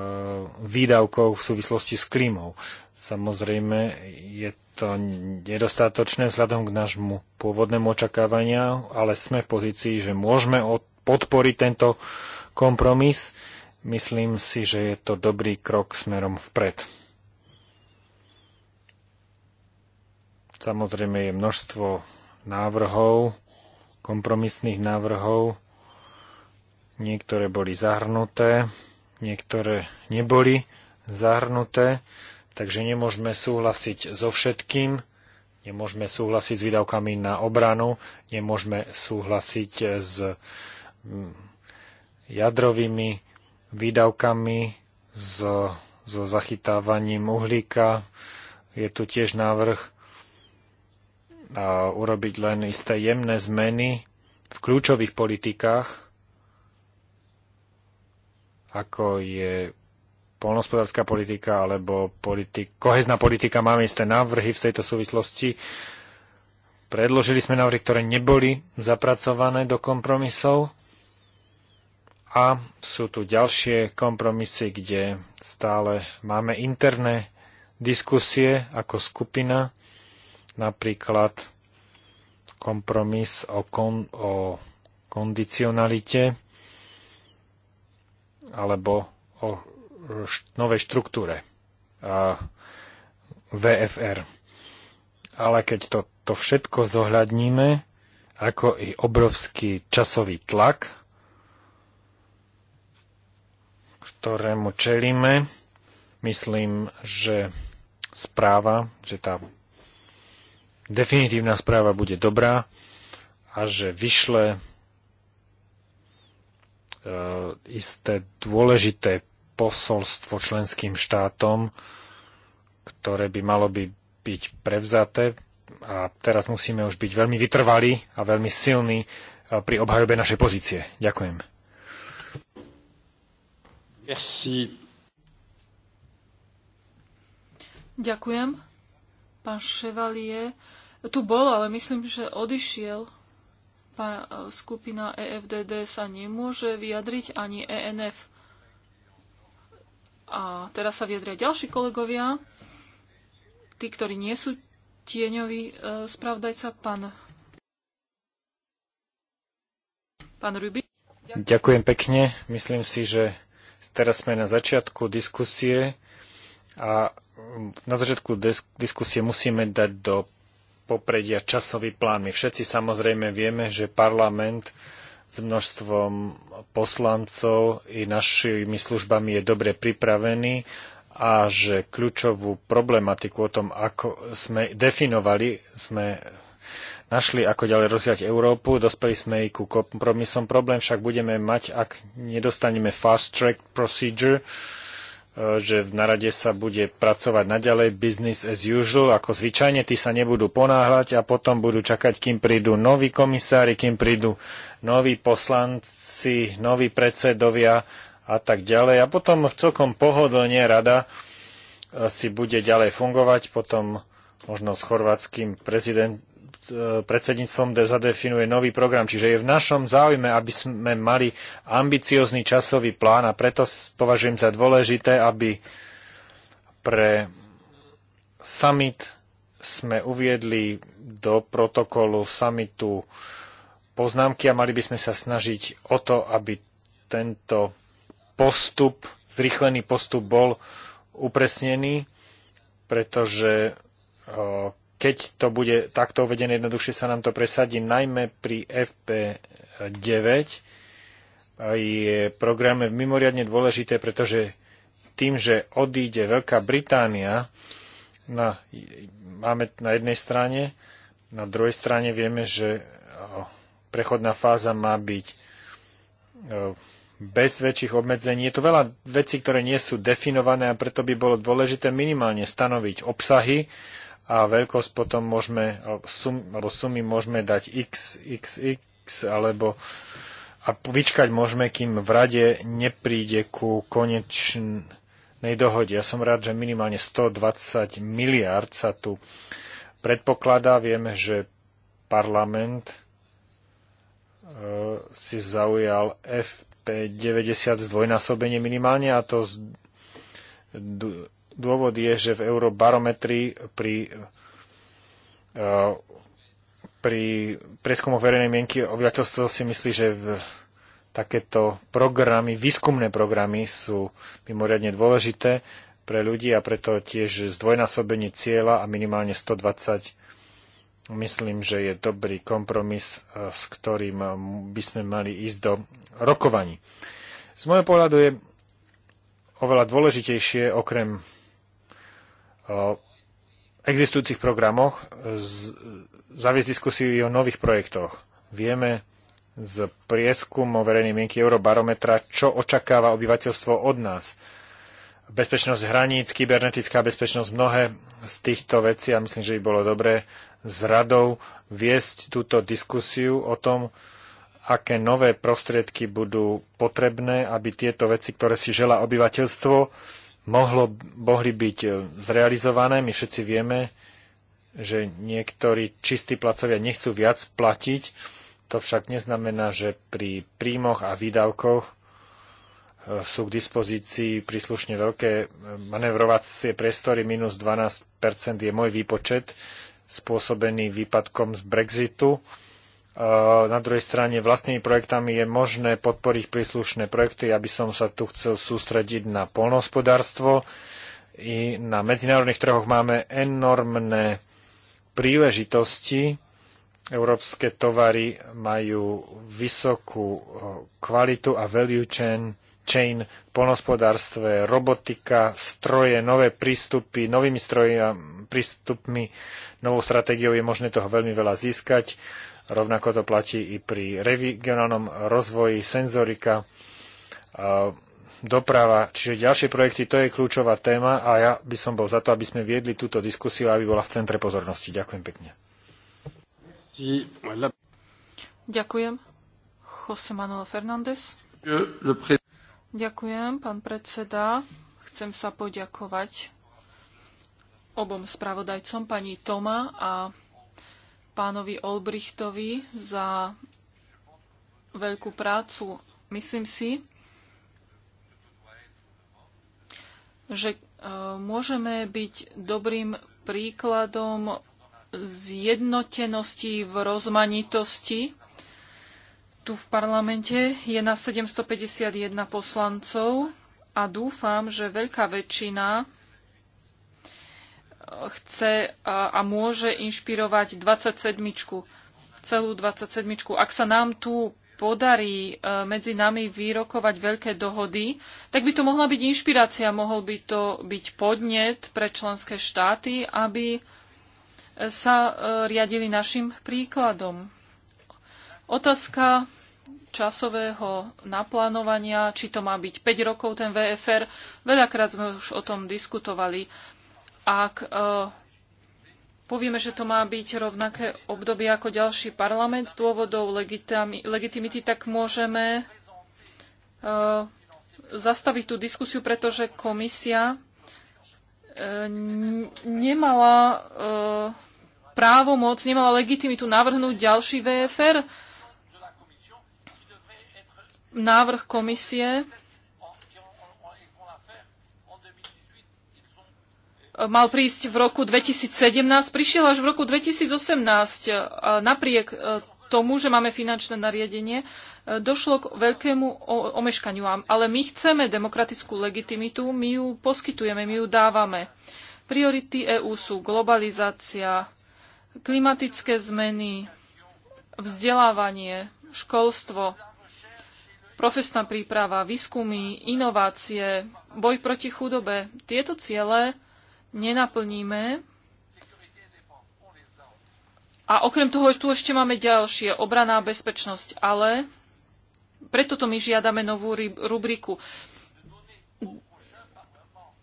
výdavkov v súvislosti s klímou. Samozrejme, je to nedostatočné vzhľadom k nášmu pôvodnému očakávania, ale sme v pozícii, že môžeme podporiť tento kompromis. Myslím si, že je to dobrý krok smerom vpred. Samozrejme je množstvo návrhov, kompromisných návrhov. Niektoré boli zahrnuté niektoré neboli zahrnuté, takže nemôžeme súhlasiť so všetkým, nemôžeme súhlasiť s výdavkami na obranu, nemôžeme súhlasiť s mm, jadrovými výdavkami, so, so zachytávaním uhlíka. Je tu tiež návrh a urobiť len isté jemné zmeny v kľúčových politikách, ako je polnospodárska politika alebo politik, kohezná politika. Máme isté návrhy v tejto súvislosti. Predložili sme návrhy, ktoré neboli zapracované do kompromisov. A sú tu ďalšie kompromisy, kde stále máme interné diskusie ako skupina, napríklad kompromis o, kon, o kondicionalite alebo o novej štruktúre VFR. Ale keď to, to všetko zohľadníme, ako i obrovský časový tlak, ktorému čelíme, myslím, že správa, že tá definitívna správa bude dobrá a že vyšle E, isté dôležité posolstvo členským štátom, ktoré by malo by byť prevzaté. A teraz musíme už byť veľmi vytrvalí a veľmi silní e, pri obhajobe našej pozície. Ďakujem. Merci. Ďakujem. Pán Ševalie tu bol, ale myslím, že odišiel. E, skupina EFDD sa nemôže vyjadriť, ani ENF. A teraz sa vyjadria ďalší kolegovia, tí, ktorí nie sú tieňoví e, spravdajca, pán, pán Ruby. Ďakujem. pekne. Myslím si, že teraz sme na začiatku diskusie a na začiatku diskusie musíme dať do popredia časový plán. My všetci samozrejme vieme, že parlament s množstvom poslancov i našimi službami je dobre pripravený a že kľúčovú problematiku o tom, ako sme definovali, sme našli, ako ďalej rozviať Európu, dospeli sme i ku kompromisom. Problém však budeme mať, ak nedostaneme fast track procedure, že v narade sa bude pracovať naďalej business as usual, ako zvyčajne, tí sa nebudú ponáhľať a potom budú čakať, kým prídu noví komisári, kým prídu noví poslanci, noví predsedovia a tak ďalej. A potom v celkom pohodlne rada eh, si bude ďalej fungovať, potom možno s chorvátským prezidentom. E, predsedníctvom zadefinuje nový program. Čiže je v našom záujme, aby sme mali ambiciózny časový plán a preto považujem za dôležité, aby pre summit sme uviedli do protokolu summitu poznámky a mali by sme sa snažiť o to, aby tento postup, zrýchlený postup bol upresnený, pretože e, keď to bude takto uvedené, jednoduchšie sa nám to presadí, najmä pri FP9 je program mimoriadne dôležité, pretože tým, že odíde Veľká Británia, na, máme na jednej strane, na druhej strane vieme, že prechodná fáza má byť bez väčších obmedzení. Je tu veľa vecí, ktoré nie sú definované a preto by bolo dôležité minimálne stanoviť obsahy a veľkosť potom môžeme, sum, alebo sumy môžeme dať x, x, x, alebo a vyčkať môžeme, kým v rade nepríde ku konečnej dohode. Ja som rád, že minimálne 120 miliard sa tu predpokladá. Vieme, že parlament e, si zaujal FP90 zdvojnásobenie minimálne a to z, Dôvod je, že v eurobarometri pri, eh, pri preskumoch verejnej mienky obyvateľstvo si myslí, že v takéto programy, výskumné programy sú mimoriadne dôležité pre ľudí a preto tiež zdvojnásobenie cieľa a minimálne 120 myslím, že je dobrý kompromis, eh, s ktorým by sme mali ísť do rokovaní. Z môjho pohľadu je oveľa dôležitejšie, okrem Eh, existujúcich programoch zaviesť diskusiu o nových projektoch. Vieme z prieskumu verejnej mienky Eurobarometra, čo očakáva obyvateľstvo od nás. Bezpečnosť hraníc, kybernetická bezpečnosť, mnohé z týchto vecí a myslím, že by bolo dobré s radou viesť túto diskusiu o tom, aké nové prostriedky budú potrebné, aby tieto veci, ktoré si žela obyvateľstvo, mohlo, mohli byť e, zrealizované. My všetci vieme, že niektorí čistí placovia nechcú viac platiť. To však neznamená, že pri príjmoch a výdavkoch e, sú k dispozícii príslušne veľké e, manevrovacie priestory. Minus 12% je môj výpočet spôsobený výpadkom z Brexitu. Eh, na druhej strane vlastnými projektami je možné podporiť príslušné projekty. Ja by som sa tu chcel sústrediť na polnohospodárstvo. I na medzinárodných trhoch máme enormné príležitosti. Európske tovary majú vysokú eh, kvalitu a value chain, chain v polnohospodárstve, robotika, stroje, nové prístupy, novými strojami, prístupmi, novou stratégiou je možné toho veľmi veľa získať Rovnako to platí i pri regionálnom rozvoji senzorika, doprava, čiže ďalšie projekty, to je kľúčová téma a ja by som bol za to, aby sme viedli túto diskusiu, aby bola v centre pozornosti. Ďakujem pekne. Ďakujem. José Manuel Fernández. Ďakujem, pán predseda. Chcem sa poďakovať obom spravodajcom, pani Toma a pánovi Olbrichtovi za veľkú prácu. Myslím si, že e, môžeme byť dobrým príkladom zjednotenosti v rozmanitosti. Tu v parlamente je na 751 poslancov a dúfam, že veľká väčšina chce a môže inšpirovať 27. celú 27. Ak sa nám tu podarí e, medzi nami vyrokovať veľké dohody, tak by to mohla byť inšpirácia, mohol by to byť podnet pre členské štáty, aby e, sa e, riadili našim príkladom. Otázka časového naplánovania, či to má byť 5 rokov ten VFR. Veľakrát sme už o tom diskutovali ak e, povieme, že to má byť rovnaké obdobie ako ďalší parlament z dôvodov legitimity, tak môžeme e, zastaviť tú diskusiu, pretože komisia e, nemala právomoc, nemala legitimitu navrhnúť ďalší VFR. Návrh komisie mal prísť v roku 2017, prišiel až v roku 2018. Napriek e, tomu, že máme finančné nariadenie, e, došlo k veľkému omeškaniu. Ale my chceme demokratickú legitimitu, my ju poskytujeme, my ju dávame. Priority EÚ sú globalizácia, klimatické zmeny, vzdelávanie, školstvo, profesná príprava, výskumy, inovácie, boj proti chudobe. Tieto ciele nenaplníme. A okrem toho tu ešte máme ďalšie, obraná bezpečnosť, ale preto to my žiadame novú rubriku.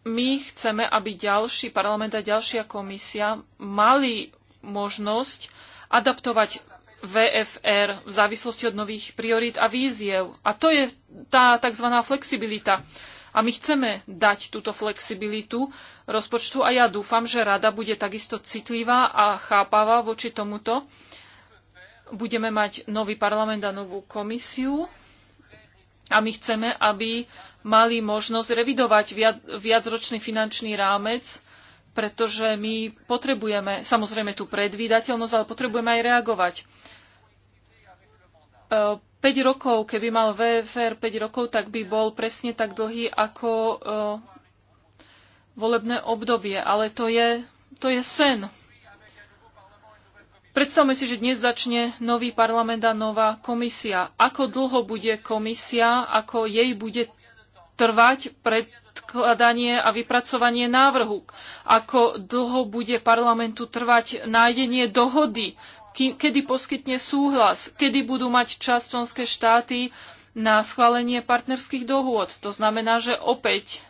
My chceme, aby ďalší parlament a ďalšia komisia mali možnosť adaptovať VFR v závislosti od nových priorít a víziev. A to je tá tzv. flexibilita. A my chceme dať túto flexibilitu rozpočtu a ja dúfam, že rada bude takisto citlivá a chápavá voči tomuto. Budeme mať nový parlament a novú komisiu a my chceme, aby mali možnosť revidovať viac, viacročný finančný rámec, pretože my potrebujeme samozrejme tú predvídateľnosť, ale potrebujeme aj reagovať. 5 e, rokov, keby mal VFR 5 rokov, tak by bol presne tak dlhý ako e, volebné obdobie, ale to je, to je sen. Predstavme si, že dnes začne nový parlament a nová komisia. Ako dlho bude komisia, ako jej bude trvať predkladanie a vypracovanie návrhu? Ako dlho bude parlamentu trvať nájdenie dohody? Kedy poskytne súhlas? Kedy budú mať čas členské štáty na schválenie partnerských dohôd? To znamená, že opäť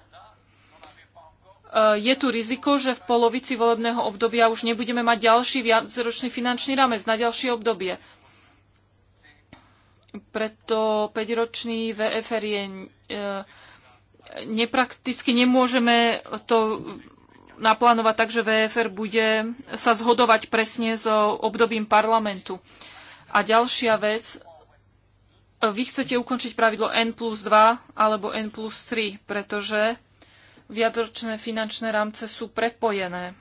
E, je tu riziko, že v polovici volebného obdobia už nebudeme mať ďalší viacročný finančný ramec na ďalšie obdobie. Preto 5-ročný VFR je e, neprakticky nemôžeme to naplánovať tak, že VFR bude sa zhodovať presne s so obdobím parlamentu. A ďalšia vec, e, vy chcete ukončiť pravidlo N plus 2 alebo N plus 3, pretože viacročné finančné rámce sú prepojené.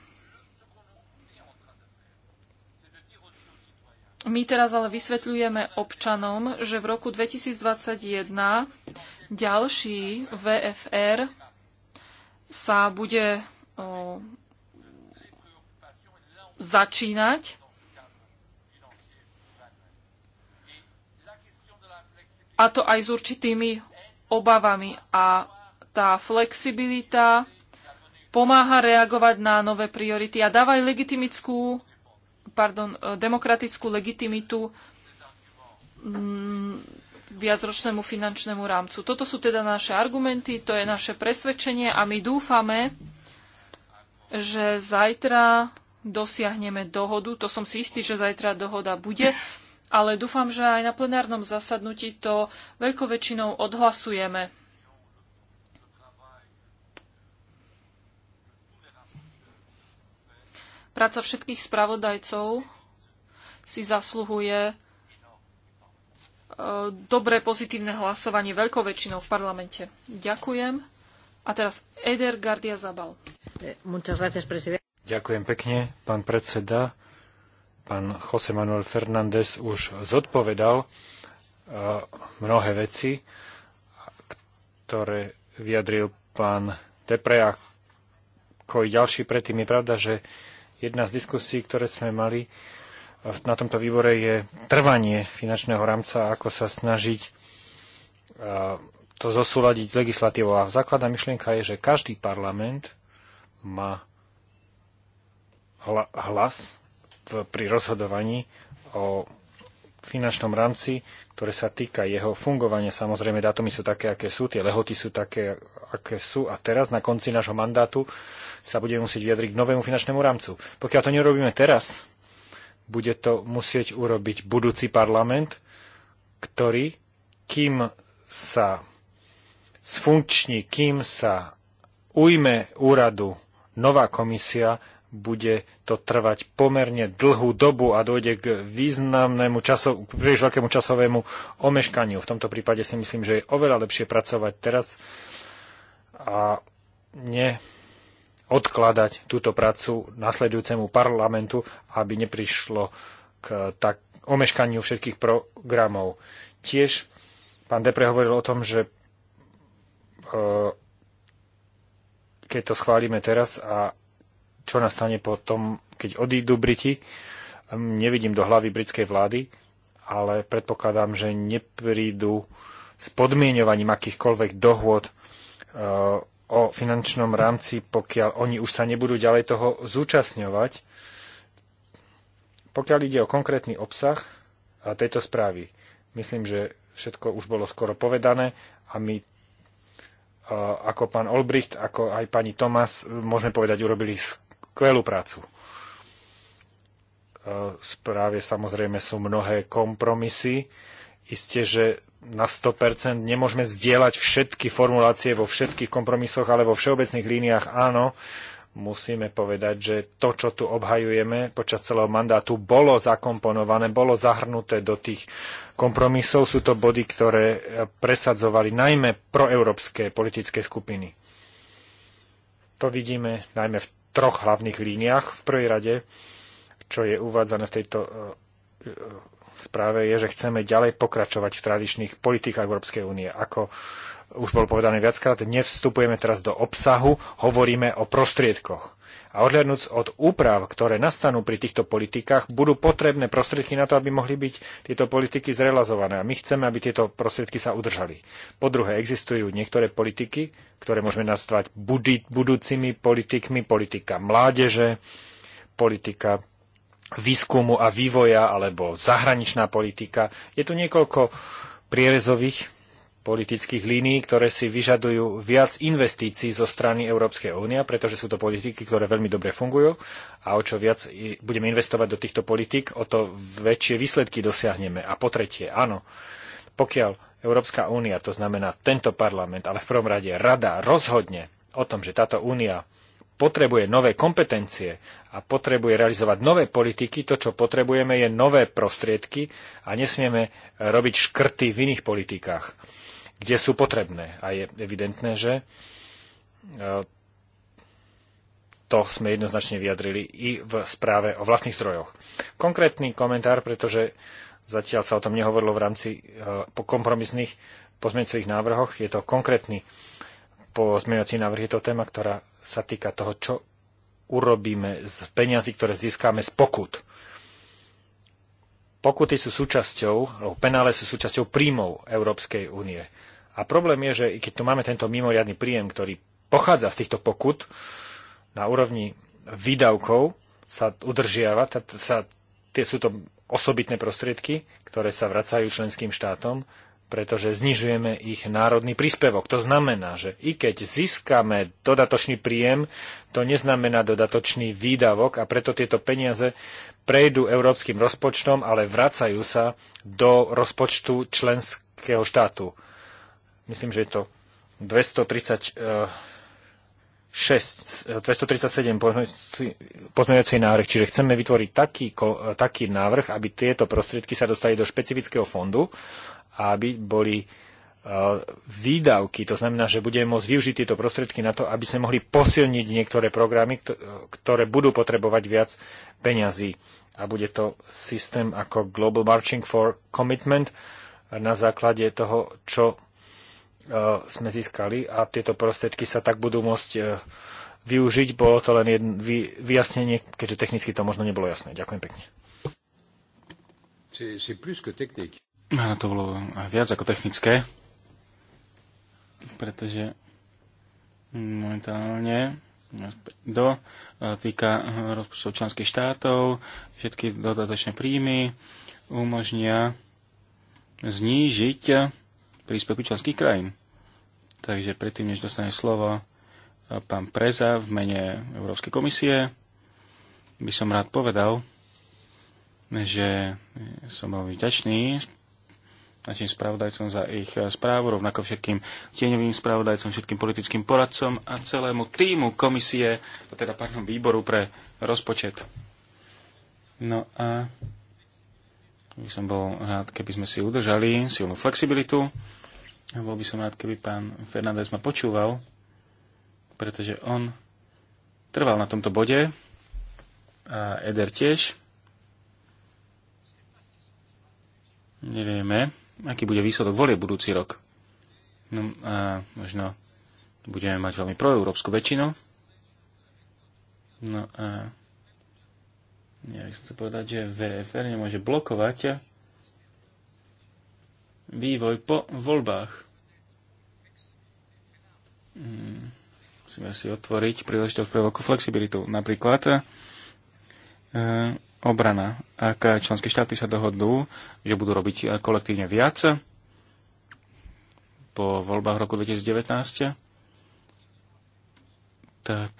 My teraz ale vysvetľujeme občanom, že v roku 2021 ďalší VFR sa bude o, začínať a to aj s určitými obavami. A tá flexibilita pomáha reagovať na nové priority a dáva aj legitimickú, pardon, e, demokratickú legitimitu mm, viacročnému finančnému rámcu. Toto sú teda naše argumenty, to je naše presvedčenie a my dúfame, že zajtra dosiahneme dohodu. To som si istý, že zajtra dohoda bude, ale dúfam, že aj na plenárnom zasadnutí to veľkou väčšinou odhlasujeme. Práca všetkých spravodajcov si zasluhuje e, dobré pozitívne hlasovanie veľkou väčšinou v parlamente. Ďakujem. A teraz Eder Gardia Zabal. E, Ďakujem pekne, pán predseda. Pán Jose Manuel Fernández už zodpovedal e, mnohé veci, ktoré vyjadril pán Depre, ako i ďalší predtým. Je pravda, že Jedna z diskusí, ktoré sme mali e, na tomto výbore, je trvanie finančného rámca a ako sa snažiť e, to zosúľadiť s legislatívou. A základná myšlienka je, že každý parlament má hlas v, pri rozhodovaní o finančnom rámci, ktoré sa týka jeho fungovania. Samozrejme, dátumy sú také, aké sú, tie lehoty sú také, aké sú a teraz na konci nášho mandátu sa budeme musieť vyjadriť k novému finančnému rámcu. Pokiaľ to nerobíme teraz, bude to musieť urobiť budúci parlament, ktorý, kým sa sfunkční, kým sa ujme úradu nová komisia, bude to trvať pomerne dlhú dobu a dojde k významnému časov, príliš veľkému časovému omeškaniu. V tomto prípade si myslím, že je oveľa lepšie pracovať teraz a ne odkladať túto prácu nasledujúcemu parlamentu, aby neprišlo k tak omeškaniu všetkých programov. Tiež pán Depre hovoril o tom, že e, keď to schválime teraz a čo nastane potom, keď odídu Briti. Ehm, nevidím do hlavy britskej vlády, ale predpokladám, že neprídu s podmienovaním akýchkoľvek dohôd eh, o finančnom rámci, pokiaľ oni už sa nebudú ďalej toho zúčastňovať. Pokiaľ ide o konkrétny obsah tejto správy, myslím, že všetko už bolo skoro povedané a my eh, ako pán Olbricht, ako aj pani Tomas, eh, môžeme povedať, urobili skvelú prácu. V e, správe samozrejme sú mnohé kompromisy. Isté, že na 100% nemôžeme zdieľať všetky formulácie vo všetkých kompromisoch, ale vo všeobecných líniách áno, musíme povedať, že to, čo tu obhajujeme počas celého mandátu, bolo zakomponované, bolo zahrnuté do tých kompromisov. Sú to body, ktoré presadzovali najmä proeurópske politické skupiny. To vidíme najmä v troch hlavných líniách. V prvej rade, čo je uvádzané v tejto e, e, správe, je, že chceme ďalej pokračovať v tradičných politikách Európskej únie. Ako už bolo povedané viackrát, nevstupujeme teraz do obsahu, hovoríme o prostriedkoch. A odhľadnúc od úprav, ktoré nastanú pri týchto politikách, budú potrebné prostriedky na to, aby mohli byť tieto politiky zrealizované. A my chceme, aby tieto prostriedky sa udržali. Po druhé, existujú niektoré politiky, ktoré môžeme nazvať budúcimi politikmi, politika mládeže, politika výskumu a vývoja alebo zahraničná politika. Je tu niekoľko prierezových politických línií, ktoré si vyžadujú viac investícií zo strany Európskej únie, pretože sú to politiky, ktoré veľmi dobre fungujú a o čo viac budeme investovať do týchto politik, o to väčšie výsledky dosiahneme. A po tretie, áno, pokiaľ Európska únia, to znamená tento parlament, ale v prvom rade rada rozhodne o tom, že táto únia potrebuje nové kompetencie a potrebuje realizovať nové politiky, to, čo potrebujeme, je nové prostriedky a nesmieme e, robiť škrty v iných politikách, kde sú potrebné. A je evidentné, že e, to sme jednoznačne vyjadrili i v správe o vlastných zdrojoch. Konkrétny komentár, pretože zatiaľ sa o tom nehovorilo v rámci e, kompromisných pozmeňcových návrhoch, je to konkrétny pozmeňovací návrh. Je to téma, ktorá sa týka toho, čo urobíme z peňazí, ktoré získame z pokut. Pokuty sú súčasťou, alebo penále sú súčasťou príjmov Európskej únie. A problém je, že i keď tu máme tento mimoriadný príjem, ktorý pochádza z týchto pokut, na úrovni výdavkov sa udržiava, sa, tie sú to osobitné prostriedky, ktoré sa vracajú členským štátom pretože znižujeme ich národný príspevok. To znamená, že i keď získame dodatočný príjem, to neznamená dodatočný výdavok a preto tieto peniaze prejdú európskym rozpočtom, ale vracajú sa do rozpočtu členského štátu. Myslím, že je to 6, 237 eh, eh, pozmeňujúci návrh. Čiže chceme vytvoriť taký, eh, taký návrh, aby tieto prostriedky sa dostali do špecifického fondu, aby boli e, výdavky. To znamená, že budeme môcť využiť tieto prostriedky na to, aby sme mohli posilniť niektoré programy, ktoré budú potrebovať viac peňazí. A bude to systém ako Global Marching for Commitment na základe toho, čo e, sme získali a tieto prostriedky sa tak budú môcť e, využiť. Bolo to len jedno vyjasnenie, keďže technicky to možno nebolo jasné. Ďakujem pekne. Áno, to bolo viac ako technické, pretože momentálne do e, týka e, rozpočtov členských štátov, všetky dodatočné príjmy umožnia znížiť príspevky členských krajín. Takže predtým, než dostane slovo e, pán Preza v mene Európskej komisie, by som rád povedal, že som veľmi vďačný našim spravodajcom za ich eh, správu, rovnako všetkým tieňovým spravodajcom, všetkým politickým poradcom a celému týmu komisie, teda pánom výboru pre rozpočet. No a by som bol rád, keby sme si udržali silnú flexibilitu. A bol by som rád, keby pán Fernández ma počúval, pretože on trval na tomto bode a Eder tiež. Nevieme, aký bude výsledok volie budúci rok. No a možno budeme mať veľmi proeurópsku väčšinu. No a ja by som chcel povedať, že VFR nemôže blokovať vývoj po voľbách. Hmm, musíme si otvoriť príležitosť pre veľkú flexibilitu. Napríklad e, obrana. Ak členské štáty sa dohodnú, že budú robiť kolektívne viac po voľbách roku 2019, tak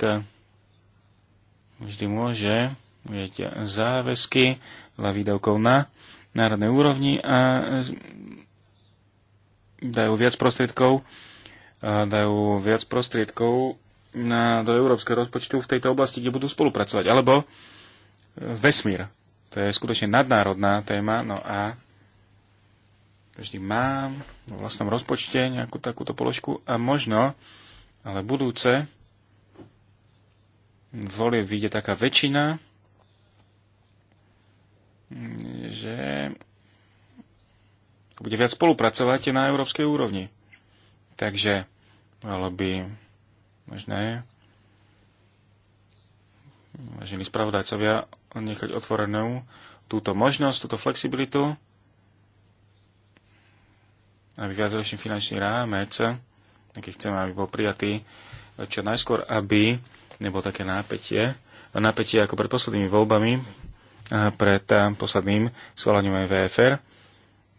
vždy môže vieť záväzky dla výdavkov na národnej úrovni a dajú viac prostriedkov dajú viac prostriedkov na, do európskeho rozpočtu v tejto oblasti, kde budú spolupracovať. Alebo vesmír. To je skutočne nadnárodná téma, no a každý má vo vlastnom rozpočte nejakú takúto položku a možno, ale budúce, volie vyjde taká väčšina, že bude viac spolupracovať na európskej úrovni. Takže, alebo by možné vážení spravodajcovia, nechať otvorenú túto možnosť, túto flexibilitu, aby viacročný finančný rámec, aký chceme, aby bol prijatý čo najskôr, aby nebolo také nápetie, napätie ako pred poslednými voľbami, pred eh, posledným aj VFR.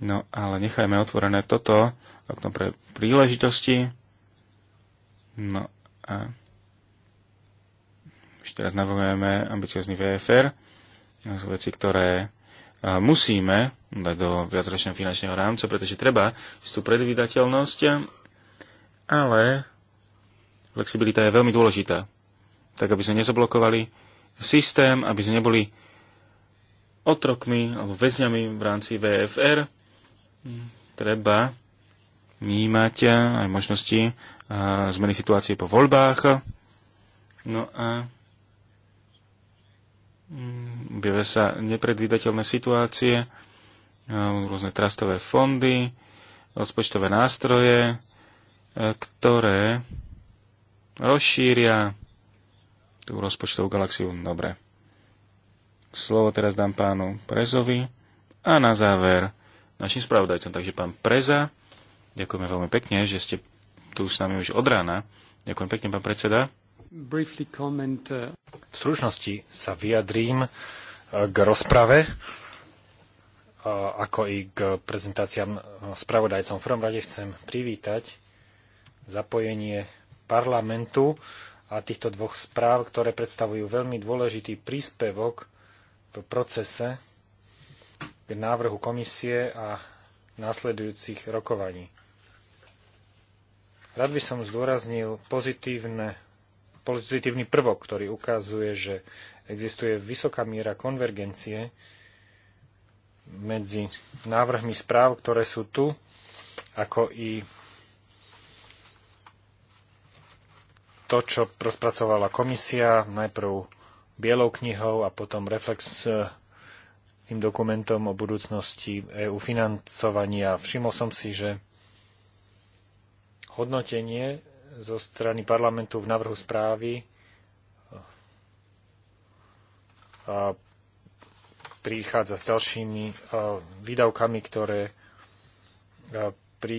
No ale nechajme otvorené toto okno pre príležitosti. No a Teraz navrhujeme ambiciozný VFR. To sú veci, ktoré e, musíme dať do viacročného finančného rámca, pretože treba istú predvydateľnosť, ale flexibilita je veľmi dôležitá. Tak, aby sme nezablokovali systém, aby sme neboli otrokmi alebo väzňami v rámci VFR, treba vnímať aj možnosti e, zmeny situácie po voľbách. No a Mm, objavia sa nepredvídateľné situácie, rôzne trastové fondy, rozpočtové nástroje, e, ktoré rozšíria tú rozpočtovú galaxiu. Dobre. Slovo teraz dám pánu Prezovi a na záver našim spravodajcom. Takže pán Preza, ďakujeme veľmi pekne, že ste tu s nami už od rána. Ďakujem pekne, pán predseda. Uh, v stručnosti sa vyjadrím uh, k rozprave, uh, ako i k prezentáciám spravodajcom. V prvom rade chcem privítať zapojenie parlamentu a týchto dvoch správ, ktoré predstavujú veľmi dôležitý príspevok v procese k návrhu komisie a následujúcich rokovaní. Rád by som zdôraznil pozitívne pozitívny prvok, ktorý ukazuje, že existuje vysoká miera konvergencie medzi návrhmi správ, ktoré sú tu, ako i to, čo rozpracovala komisia, najprv bielou knihou a potom reflex eh, tým dokumentom o budúcnosti EU financovania. Všimol som si, že hodnotenie zo strany parlamentu v návrhu správy prichádza s ďalšími výdavkami, ktoré, pri,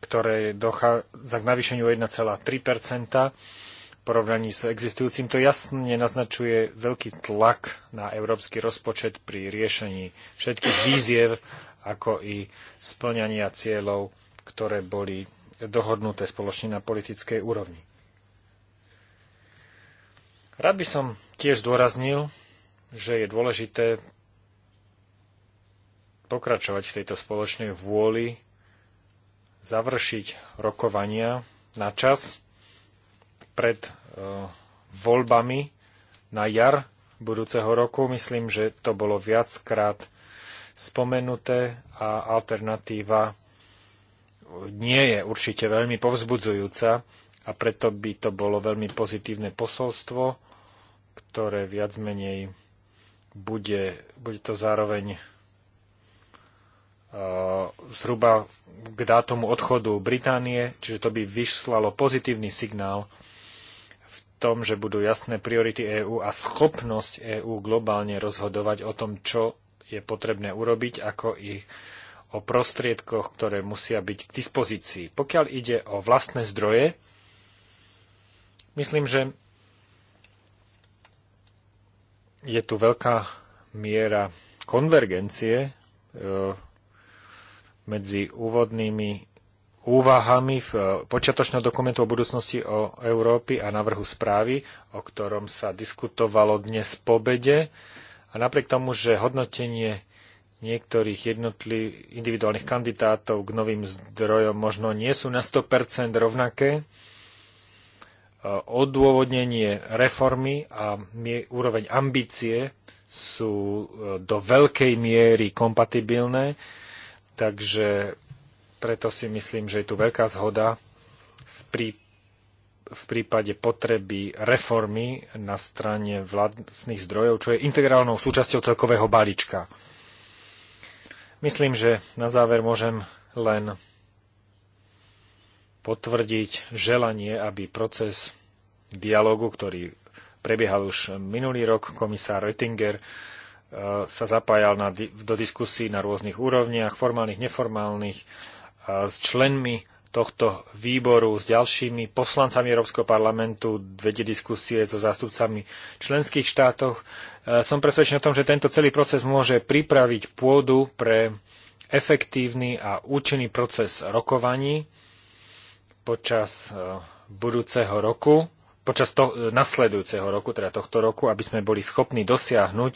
ktoré dochádza k navýšeniu 1,3 v porovnaní s existujúcim. To jasne naznačuje veľký tlak na európsky rozpočet pri riešení všetkých výziev, ako i splňania cieľov, ktoré boli dohodnuté spoločne na politickej úrovni. Rád by som tiež zdôraznil, že je dôležité pokračovať v tejto spoločnej vôli, završiť rokovania na čas pred e, voľbami na jar budúceho roku. Myslím, že to bolo viackrát spomenuté a alternatíva nie je určite veľmi povzbudzujúca a preto by to bolo veľmi pozitívne posolstvo, ktoré viac menej bude, bude to zároveň uh, zhruba k dátomu odchodu Británie, čiže to by vyslalo pozitívny signál v tom, že budú jasné priority EÚ a schopnosť EÚ globálne rozhodovať o tom, čo je potrebné urobiť, ako ich o prostriedkoch, ktoré musia byť k dispozícii. Pokiaľ ide o vlastné zdroje, myslím, že je tu veľká miera konvergencie e, medzi úvodnými úvahami v e, počiatočného dokumentu o budúcnosti o Európy a navrhu správy, o ktorom sa diskutovalo dnes po bede. A napriek tomu, že hodnotenie niektorých jednotlivých individuálnych kandidátov k novým zdrojom možno nie sú na 100% rovnaké. E, odôvodnenie reformy a úroveň ambície sú e, do veľkej miery kompatibilné, takže preto si myslím, že je tu veľká zhoda v, prí, v prípade potreby reformy na strane vlastných zdrojov, čo je integrálnou súčasťou celkového balíčka. Myslím, že na záver môžem len potvrdiť želanie, aby proces dialogu, ktorý prebiehal už minulý rok, komisár Oettinger e, sa zapájal na, do diskusí na rôznych úrovniach, formálnych, neformálnych, e, s členmi tohto výboru s ďalšími poslancami Európskeho parlamentu, vedie diskusie so zástupcami členských štátov. E, som presvedčený o tom, že tento celý proces môže pripraviť pôdu pre efektívny a účinný proces rokovaní počas e, budúceho roku, počas to, e, nasledujúceho roku, teda tohto roku, aby sme boli schopní dosiahnuť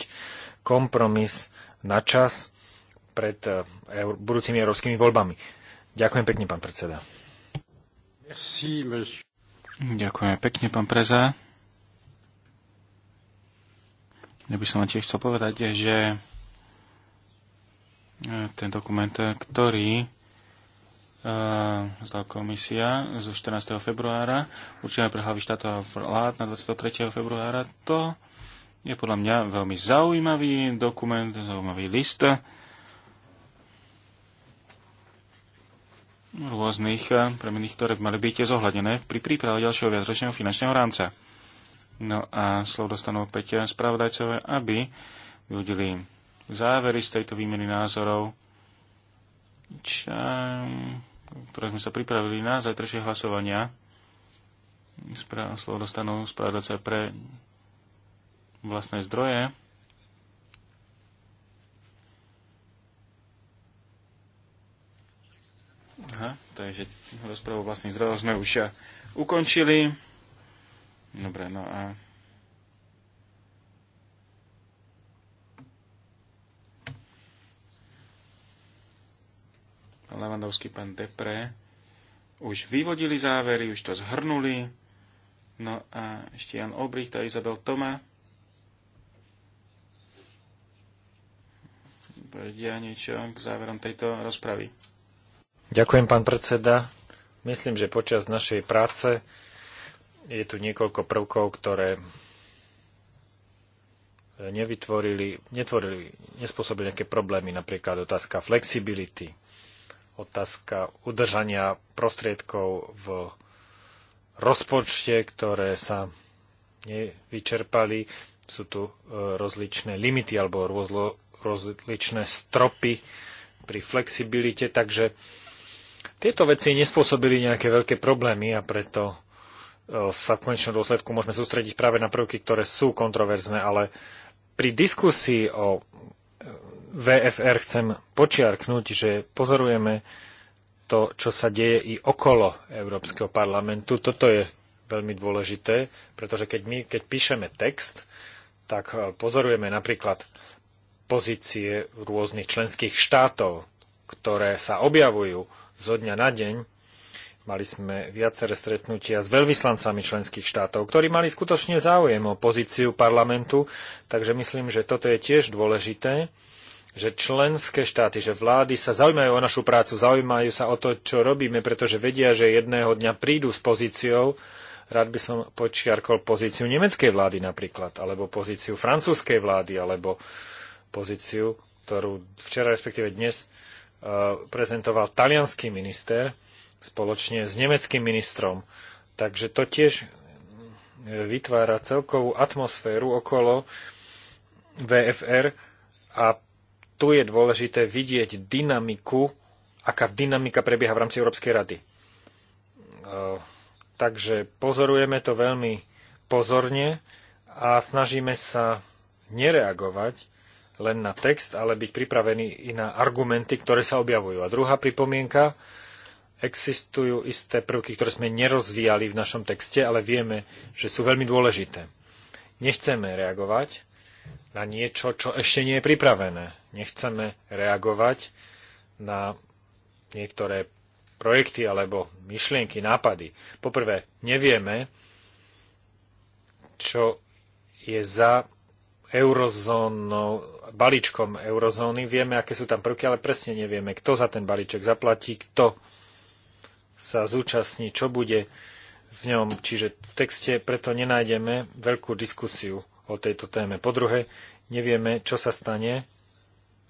kompromis na čas pred budúcimi európskymi voľbami. Ďakujem pekne, pán predseda. Merci, Ďakujem pekne, pán Preza. Ja by som vám tiež chcel povedať, že e, ten dokument, ktorý e, zdal komisia zo 14. februára, určená pre hlavy štátov a vlád na 23. februára, to je podľa mňa veľmi zaujímavý dokument, zaujímavý list, rôznych eh, premených, ktoré by mali byť zohľadené pri príprave ďalšieho viacročného finančného rámca. No a slovo dostanú opäť spravodajcové, aby vyhodili závery z tejto výmeny názorov, čo, ktoré sme sa pripravili na zajtrajšie hlasovania. Správ, slovo dostanú spravodajcové pre vlastné zdroje. Aha, takže rozprávu vlastných zdrojov sme už eh, ukončili. Dobre, no a pán Levandovský, pán Depre, už vyvodili závery, už to zhrnuli. No a ešte Jan Obrich tá Izabel Toma. Povedia niečo k záverom tejto rozpravy. Ďakujem, pán predseda. Myslím, že počas našej práce je tu niekoľko prvkov, ktoré nevytvorili, netvorili, nespôsobili nejaké problémy, napríklad otázka flexibility, otázka udržania prostriedkov v rozpočte, ktoré sa nevyčerpali. Sú tu e, rozličné limity alebo rozličné stropy pri flexibilite, takže tieto veci nespôsobili nejaké veľké problémy a preto e, sa v konečnom dôsledku môžeme sústrediť práve na prvky, ktoré sú kontroverzné, ale pri diskusii o e, VFR chcem počiarknúť, že pozorujeme to, čo sa deje i okolo Európskeho parlamentu. Toto je veľmi dôležité, pretože keď my, keď píšeme text, tak e, pozorujeme napríklad pozície rôznych členských štátov, ktoré sa objavujú zo dňa na deň. Mali sme viaceré stretnutia s veľvyslancami členských štátov, ktorí mali skutočne záujem o pozíciu parlamentu, takže myslím, že toto je tiež dôležité, že členské štáty, že vlády sa zaujímajú o našu prácu, zaujímajú sa o to, čo robíme, pretože vedia, že jedného dňa prídu s pozíciou, rád by som počiarkol pozíciu nemeckej vlády napríklad, alebo pozíciu francúzskej vlády, alebo pozíciu, ktorú včera respektíve dnes prezentoval talianský minister spoločne s nemeckým ministrom. Takže to tiež e, vytvára celkovú atmosféru okolo VFR a tu je dôležité vidieť dynamiku, aká dynamika prebieha v rámci Európskej rady. E, takže pozorujeme to veľmi pozorne a snažíme sa nereagovať len na text, ale byť pripravený i na argumenty, ktoré sa objavujú. A druhá pripomienka, existujú isté prvky, ktoré sme nerozvíjali v našom texte, ale vieme, že sú veľmi dôležité. Nechceme reagovať na niečo, čo ešte nie je pripravené. Nechceme reagovať na niektoré projekty alebo myšlienky, nápady. Poprvé, nevieme, čo je za eurozónou, balíčkom eurozóny. Vieme, aké sú tam prvky, ale presne nevieme, kto za ten balíček zaplatí, kto sa zúčastní, čo bude v ňom. Čiže v texte preto nenájdeme veľkú diskusiu o tejto téme. Po druhé, nevieme, čo sa stane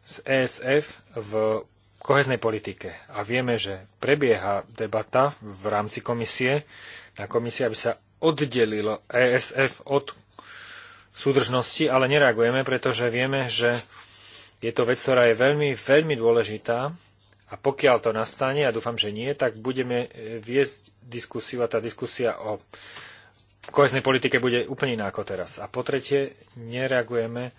z ESF v koheznej politike. A vieme, že prebieha debata v rámci komisie na komisie, aby sa oddelilo ESF od súdržnosti, ale nereagujeme, pretože vieme, že je to vec, ktorá je veľmi, veľmi dôležitá a pokiaľ to nastane, a dúfam, že nie, tak budeme eh, viesť diskusiu a tá diskusia o kohesnej politike bude úplne iná ako teraz. A po tretie, nereagujeme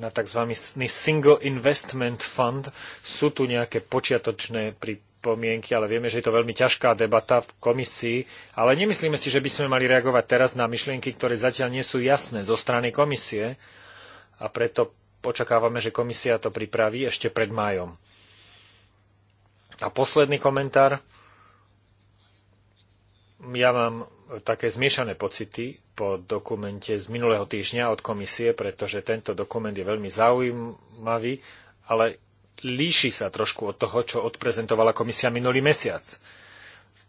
na tzv. single investment fund. Sú tu nejaké počiatočné pri pripomienky, ale vieme, že je to veľmi ťažká debata v komisii, ale nemyslíme si, že by sme mali reagovať teraz na myšlienky, ktoré zatiaľ nie sú jasné zo strany komisie a preto očakávame, že komisia to pripraví ešte pred májom. A posledný komentár. Ja mám také zmiešané pocity po dokumente z minulého týždňa od komisie, pretože tento dokument je veľmi zaujímavý, ale líši sa trošku od toho, čo odprezentovala komisia minulý mesiac.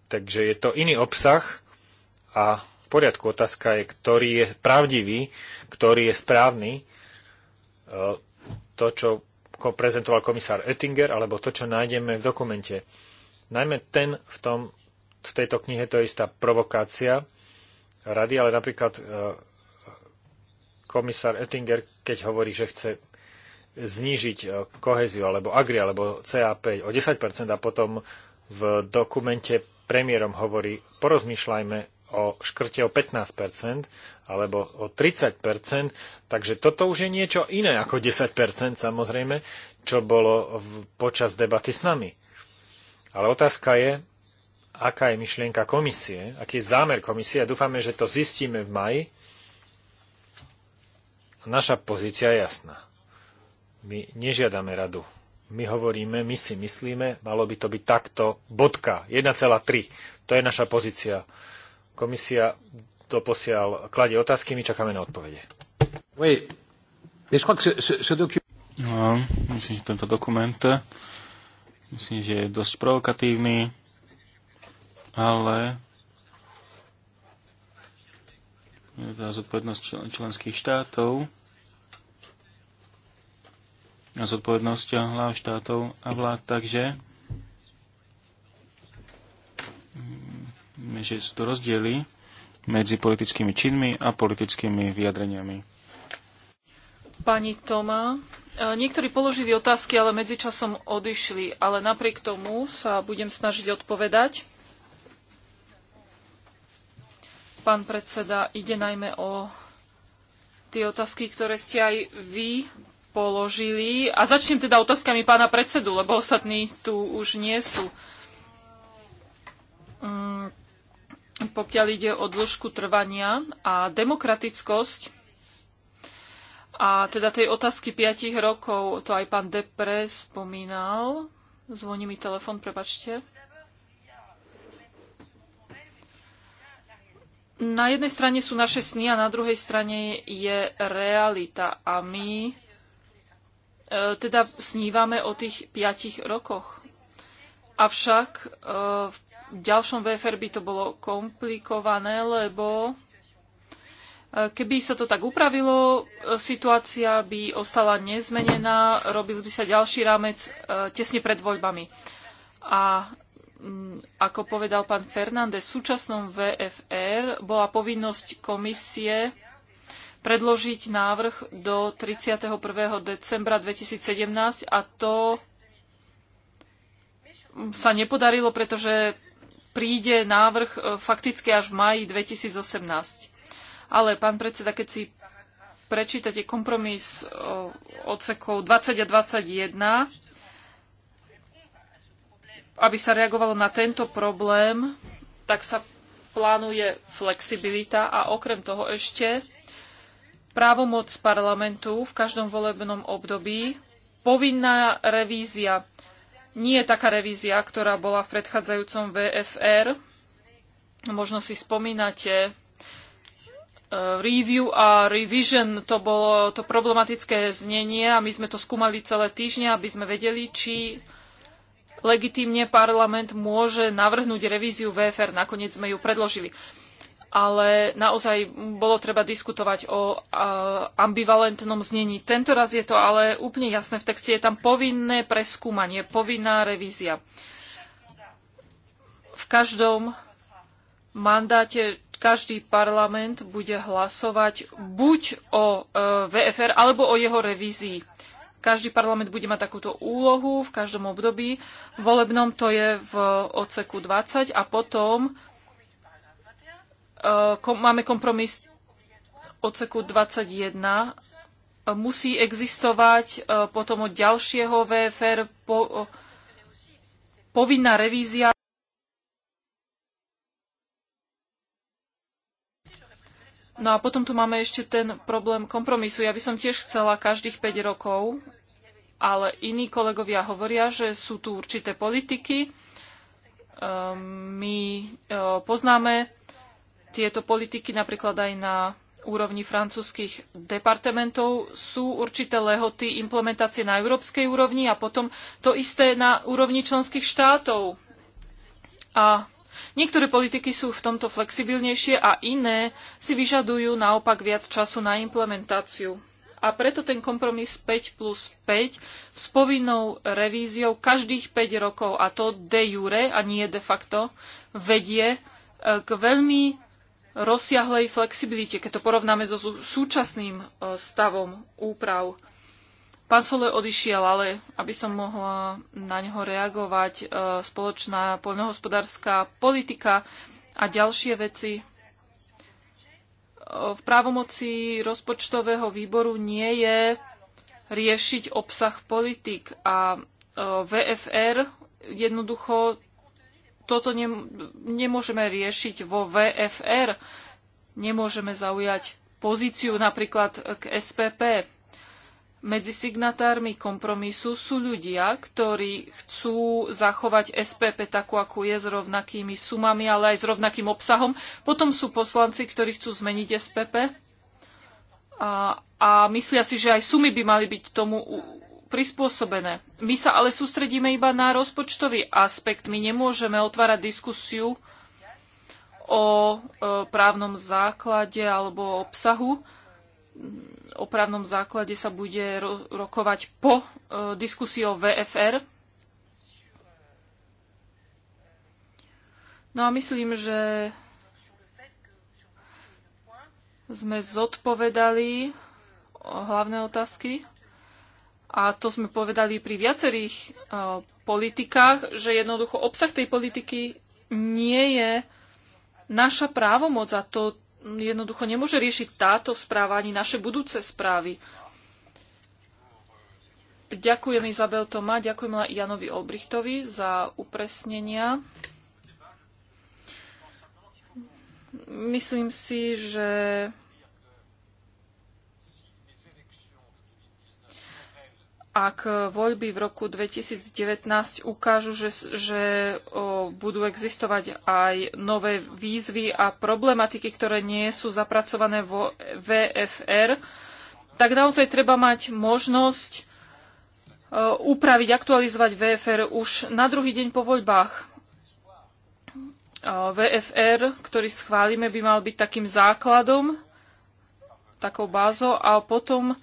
Takže je to iný obsah a v poriadku otázka je, ktorý je pravdivý, ktorý je správny. E, to, čo prezentoval komisár Oettinger, alebo to, čo nájdeme v dokumente. Najmä ten v, tom, v tejto knihe, to je istá provokácia rady, ale napríklad e, komisár Oettinger, keď hovorí, že chce znížiť e, koheziu alebo agri alebo CA5 o 10% a potom v dokumente premiérom hovorí, porozmýšľajme o škrte o 15% alebo o 30%, takže toto už je niečo iné ako 10% samozrejme, čo bolo v, počas debaty s nami. Ale otázka je, aká je myšlienka komisie, aký je zámer komisie a dúfame, že to zistíme v maji. Naša pozícia je jasná. My nežiadame radu. My hovoríme, my si myslíme, malo by to byť takto, bodka, 1,3. To je naša pozícia. Komisia doposiaľ kladie otázky, my čakáme na odpovede. Oui. je crois que ce, ce, ce No, myslím, že tento dokument myslím, že je dosť provokatívny, ale je to zodpovednosť členských štátov zodpovednosť hlav štátov a vlád, takže mm, že sú to rozdiely medzi politickými činmi a politickými vyjadreniami. Pani Toma, e, niektorí položili otázky, ale medzičasom odišli, ale napriek tomu sa budem snažiť odpovedať. Pán predseda, ide najmä o tie otázky, ktoré ste aj vy položili. A začnem teda otázkami pána predsedu, lebo ostatní tu už nie sú. Mm, pokiaľ ide o dĺžku trvania a demokratickosť, a teda tej otázky 5 rokov, to aj pán Depre spomínal. Zvoní mi telefon, prepačte. Na jednej strane sú naše sny a na druhej strane je realita. A my E, teda snívame o tých 5 rokoch. Avšak e, v ďalšom VFR by to bolo komplikované, lebo e, keby sa to tak upravilo, situácia by ostala nezmenená, robil by sa ďalší rámec tesne pred voľbami. A ako povedal pán Fernández, v súčasnom VFR bola povinnosť komisie predložiť návrh do 31. decembra 2017 a to sa nepodarilo, pretože príde návrh e, fakticky až v maji 2018. Ale, pán predseda, keď si prečítate kompromis e, odsekov 20 a 21, aby sa reagovalo na tento problém, tak sa plánuje flexibilita a okrem toho ešte právomoc parlamentu v každom volebnom období, povinná revízia. Nie je taká revízia, ktorá bola v predchádzajúcom VFR. Možno si spomínate, e, review a revision to bolo to problematické znenie a my sme to skúmali celé týždne, aby sme vedeli, či legitímne parlament môže navrhnúť revíziu VFR. Nakoniec sme ju predložili ale naozaj bolo treba diskutovať o ambivalentnom znení. Tento raz je to ale úplne jasné. V texte je tam povinné preskúmanie, povinná revízia. V každom mandáte každý parlament bude hlasovať buď o e, VFR alebo o jeho revízii. Každý parlament bude mať takúto úlohu v každom období. Volebnom to je v odseku 20 a potom Eh, kom, máme kompromis odseku 21. Eh, musí existovať eh, potom od ďalšieho VFR po, povinná revízia. No a potom tu máme ešte ten problém kompromisu. Ja by som tiež chcela každých 5 rokov, ale iní kolegovia hovoria, že sú tu určité politiky. Ehm, my poznáme tieto politiky, napríklad aj na úrovni francúzskych departementov, sú určité lehoty implementácie na európskej úrovni a potom to isté na úrovni členských štátov. A niektoré politiky sú v tomto flexibilnejšie a iné si vyžadujú naopak viac času na implementáciu. A preto ten kompromis 5 plus 5 s povinnou revíziou každých 5 rokov, a to de jure a nie de facto, vedie e, k veľmi rozsiahlej flexibilite, keď to porovnáme so súčasným e, stavom úprav. Pán Sole odišiel, ale aby som mohla na ňoho reagovať, e, spoločná poľnohospodárska politika a ďalšie veci. E, v právomoci rozpočtového výboru nie je riešiť obsah politik a VFR jednoducho toto ne, nemôžeme riešiť vo VFR. Nemôžeme zaujať pozíciu napríklad k SPP. Medzi signatármi kompromisu sú ľudia, ktorí chcú zachovať SPP takú, ako je, s rovnakými sumami, ale aj s rovnakým obsahom. Potom sú poslanci, ktorí chcú zmeniť SPP a, a myslia si, že aj sumy by mali byť tomu prispôsobené. My sa ale sústredíme iba na rozpočtový aspekt. My nemôžeme otvárať diskusiu o e, právnom základe alebo obsahu. O právnom základe sa bude rokovať po e, diskusii o VFR. No a myslím, že sme zodpovedali hlavné otázky a to sme povedali pri viacerých uh, politikách, že jednoducho obsah tej politiky nie je naša právomoc a to jednoducho nemôže riešiť táto správa ani naše budúce správy. Ďakujem Izabel Toma, ďakujem Janovi Olbrichtovi za upresnenia. Myslím si, že ak voľby v roku 2019 ukážu, že, že o, budú existovať aj nové výzvy a problematiky, ktoré nie sú zapracované vo VFR, tak naozaj treba mať možnosť o, upraviť, aktualizovať VFR už na druhý deň po voľbách. O, VFR, ktorý schválime, by mal byť takým základom, takou bázou a potom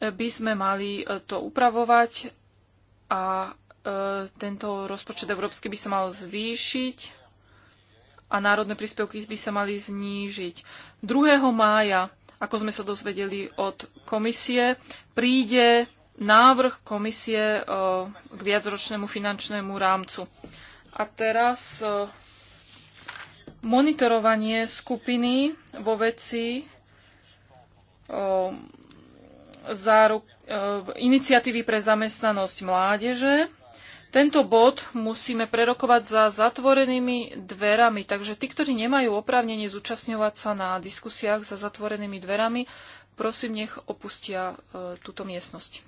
by sme mali e, to upravovať a e, tento rozpočet európsky by sa mal zvýšiť a národné príspevky by sa mali znížiť. 2. mája, ako sme sa dozvedeli od komisie, príde návrh komisie e, k viacročnému finančnému rámcu. A teraz monitorovanie skupiny vo veci záruk, e, iniciatívy pre zamestnanosť mládeže. Tento bod musíme prerokovať za zatvorenými dverami, takže tí, ktorí nemajú oprávnenie zúčastňovať sa na diskusiách za zatvorenými dverami, prosím, nech opustia e, túto miestnosť.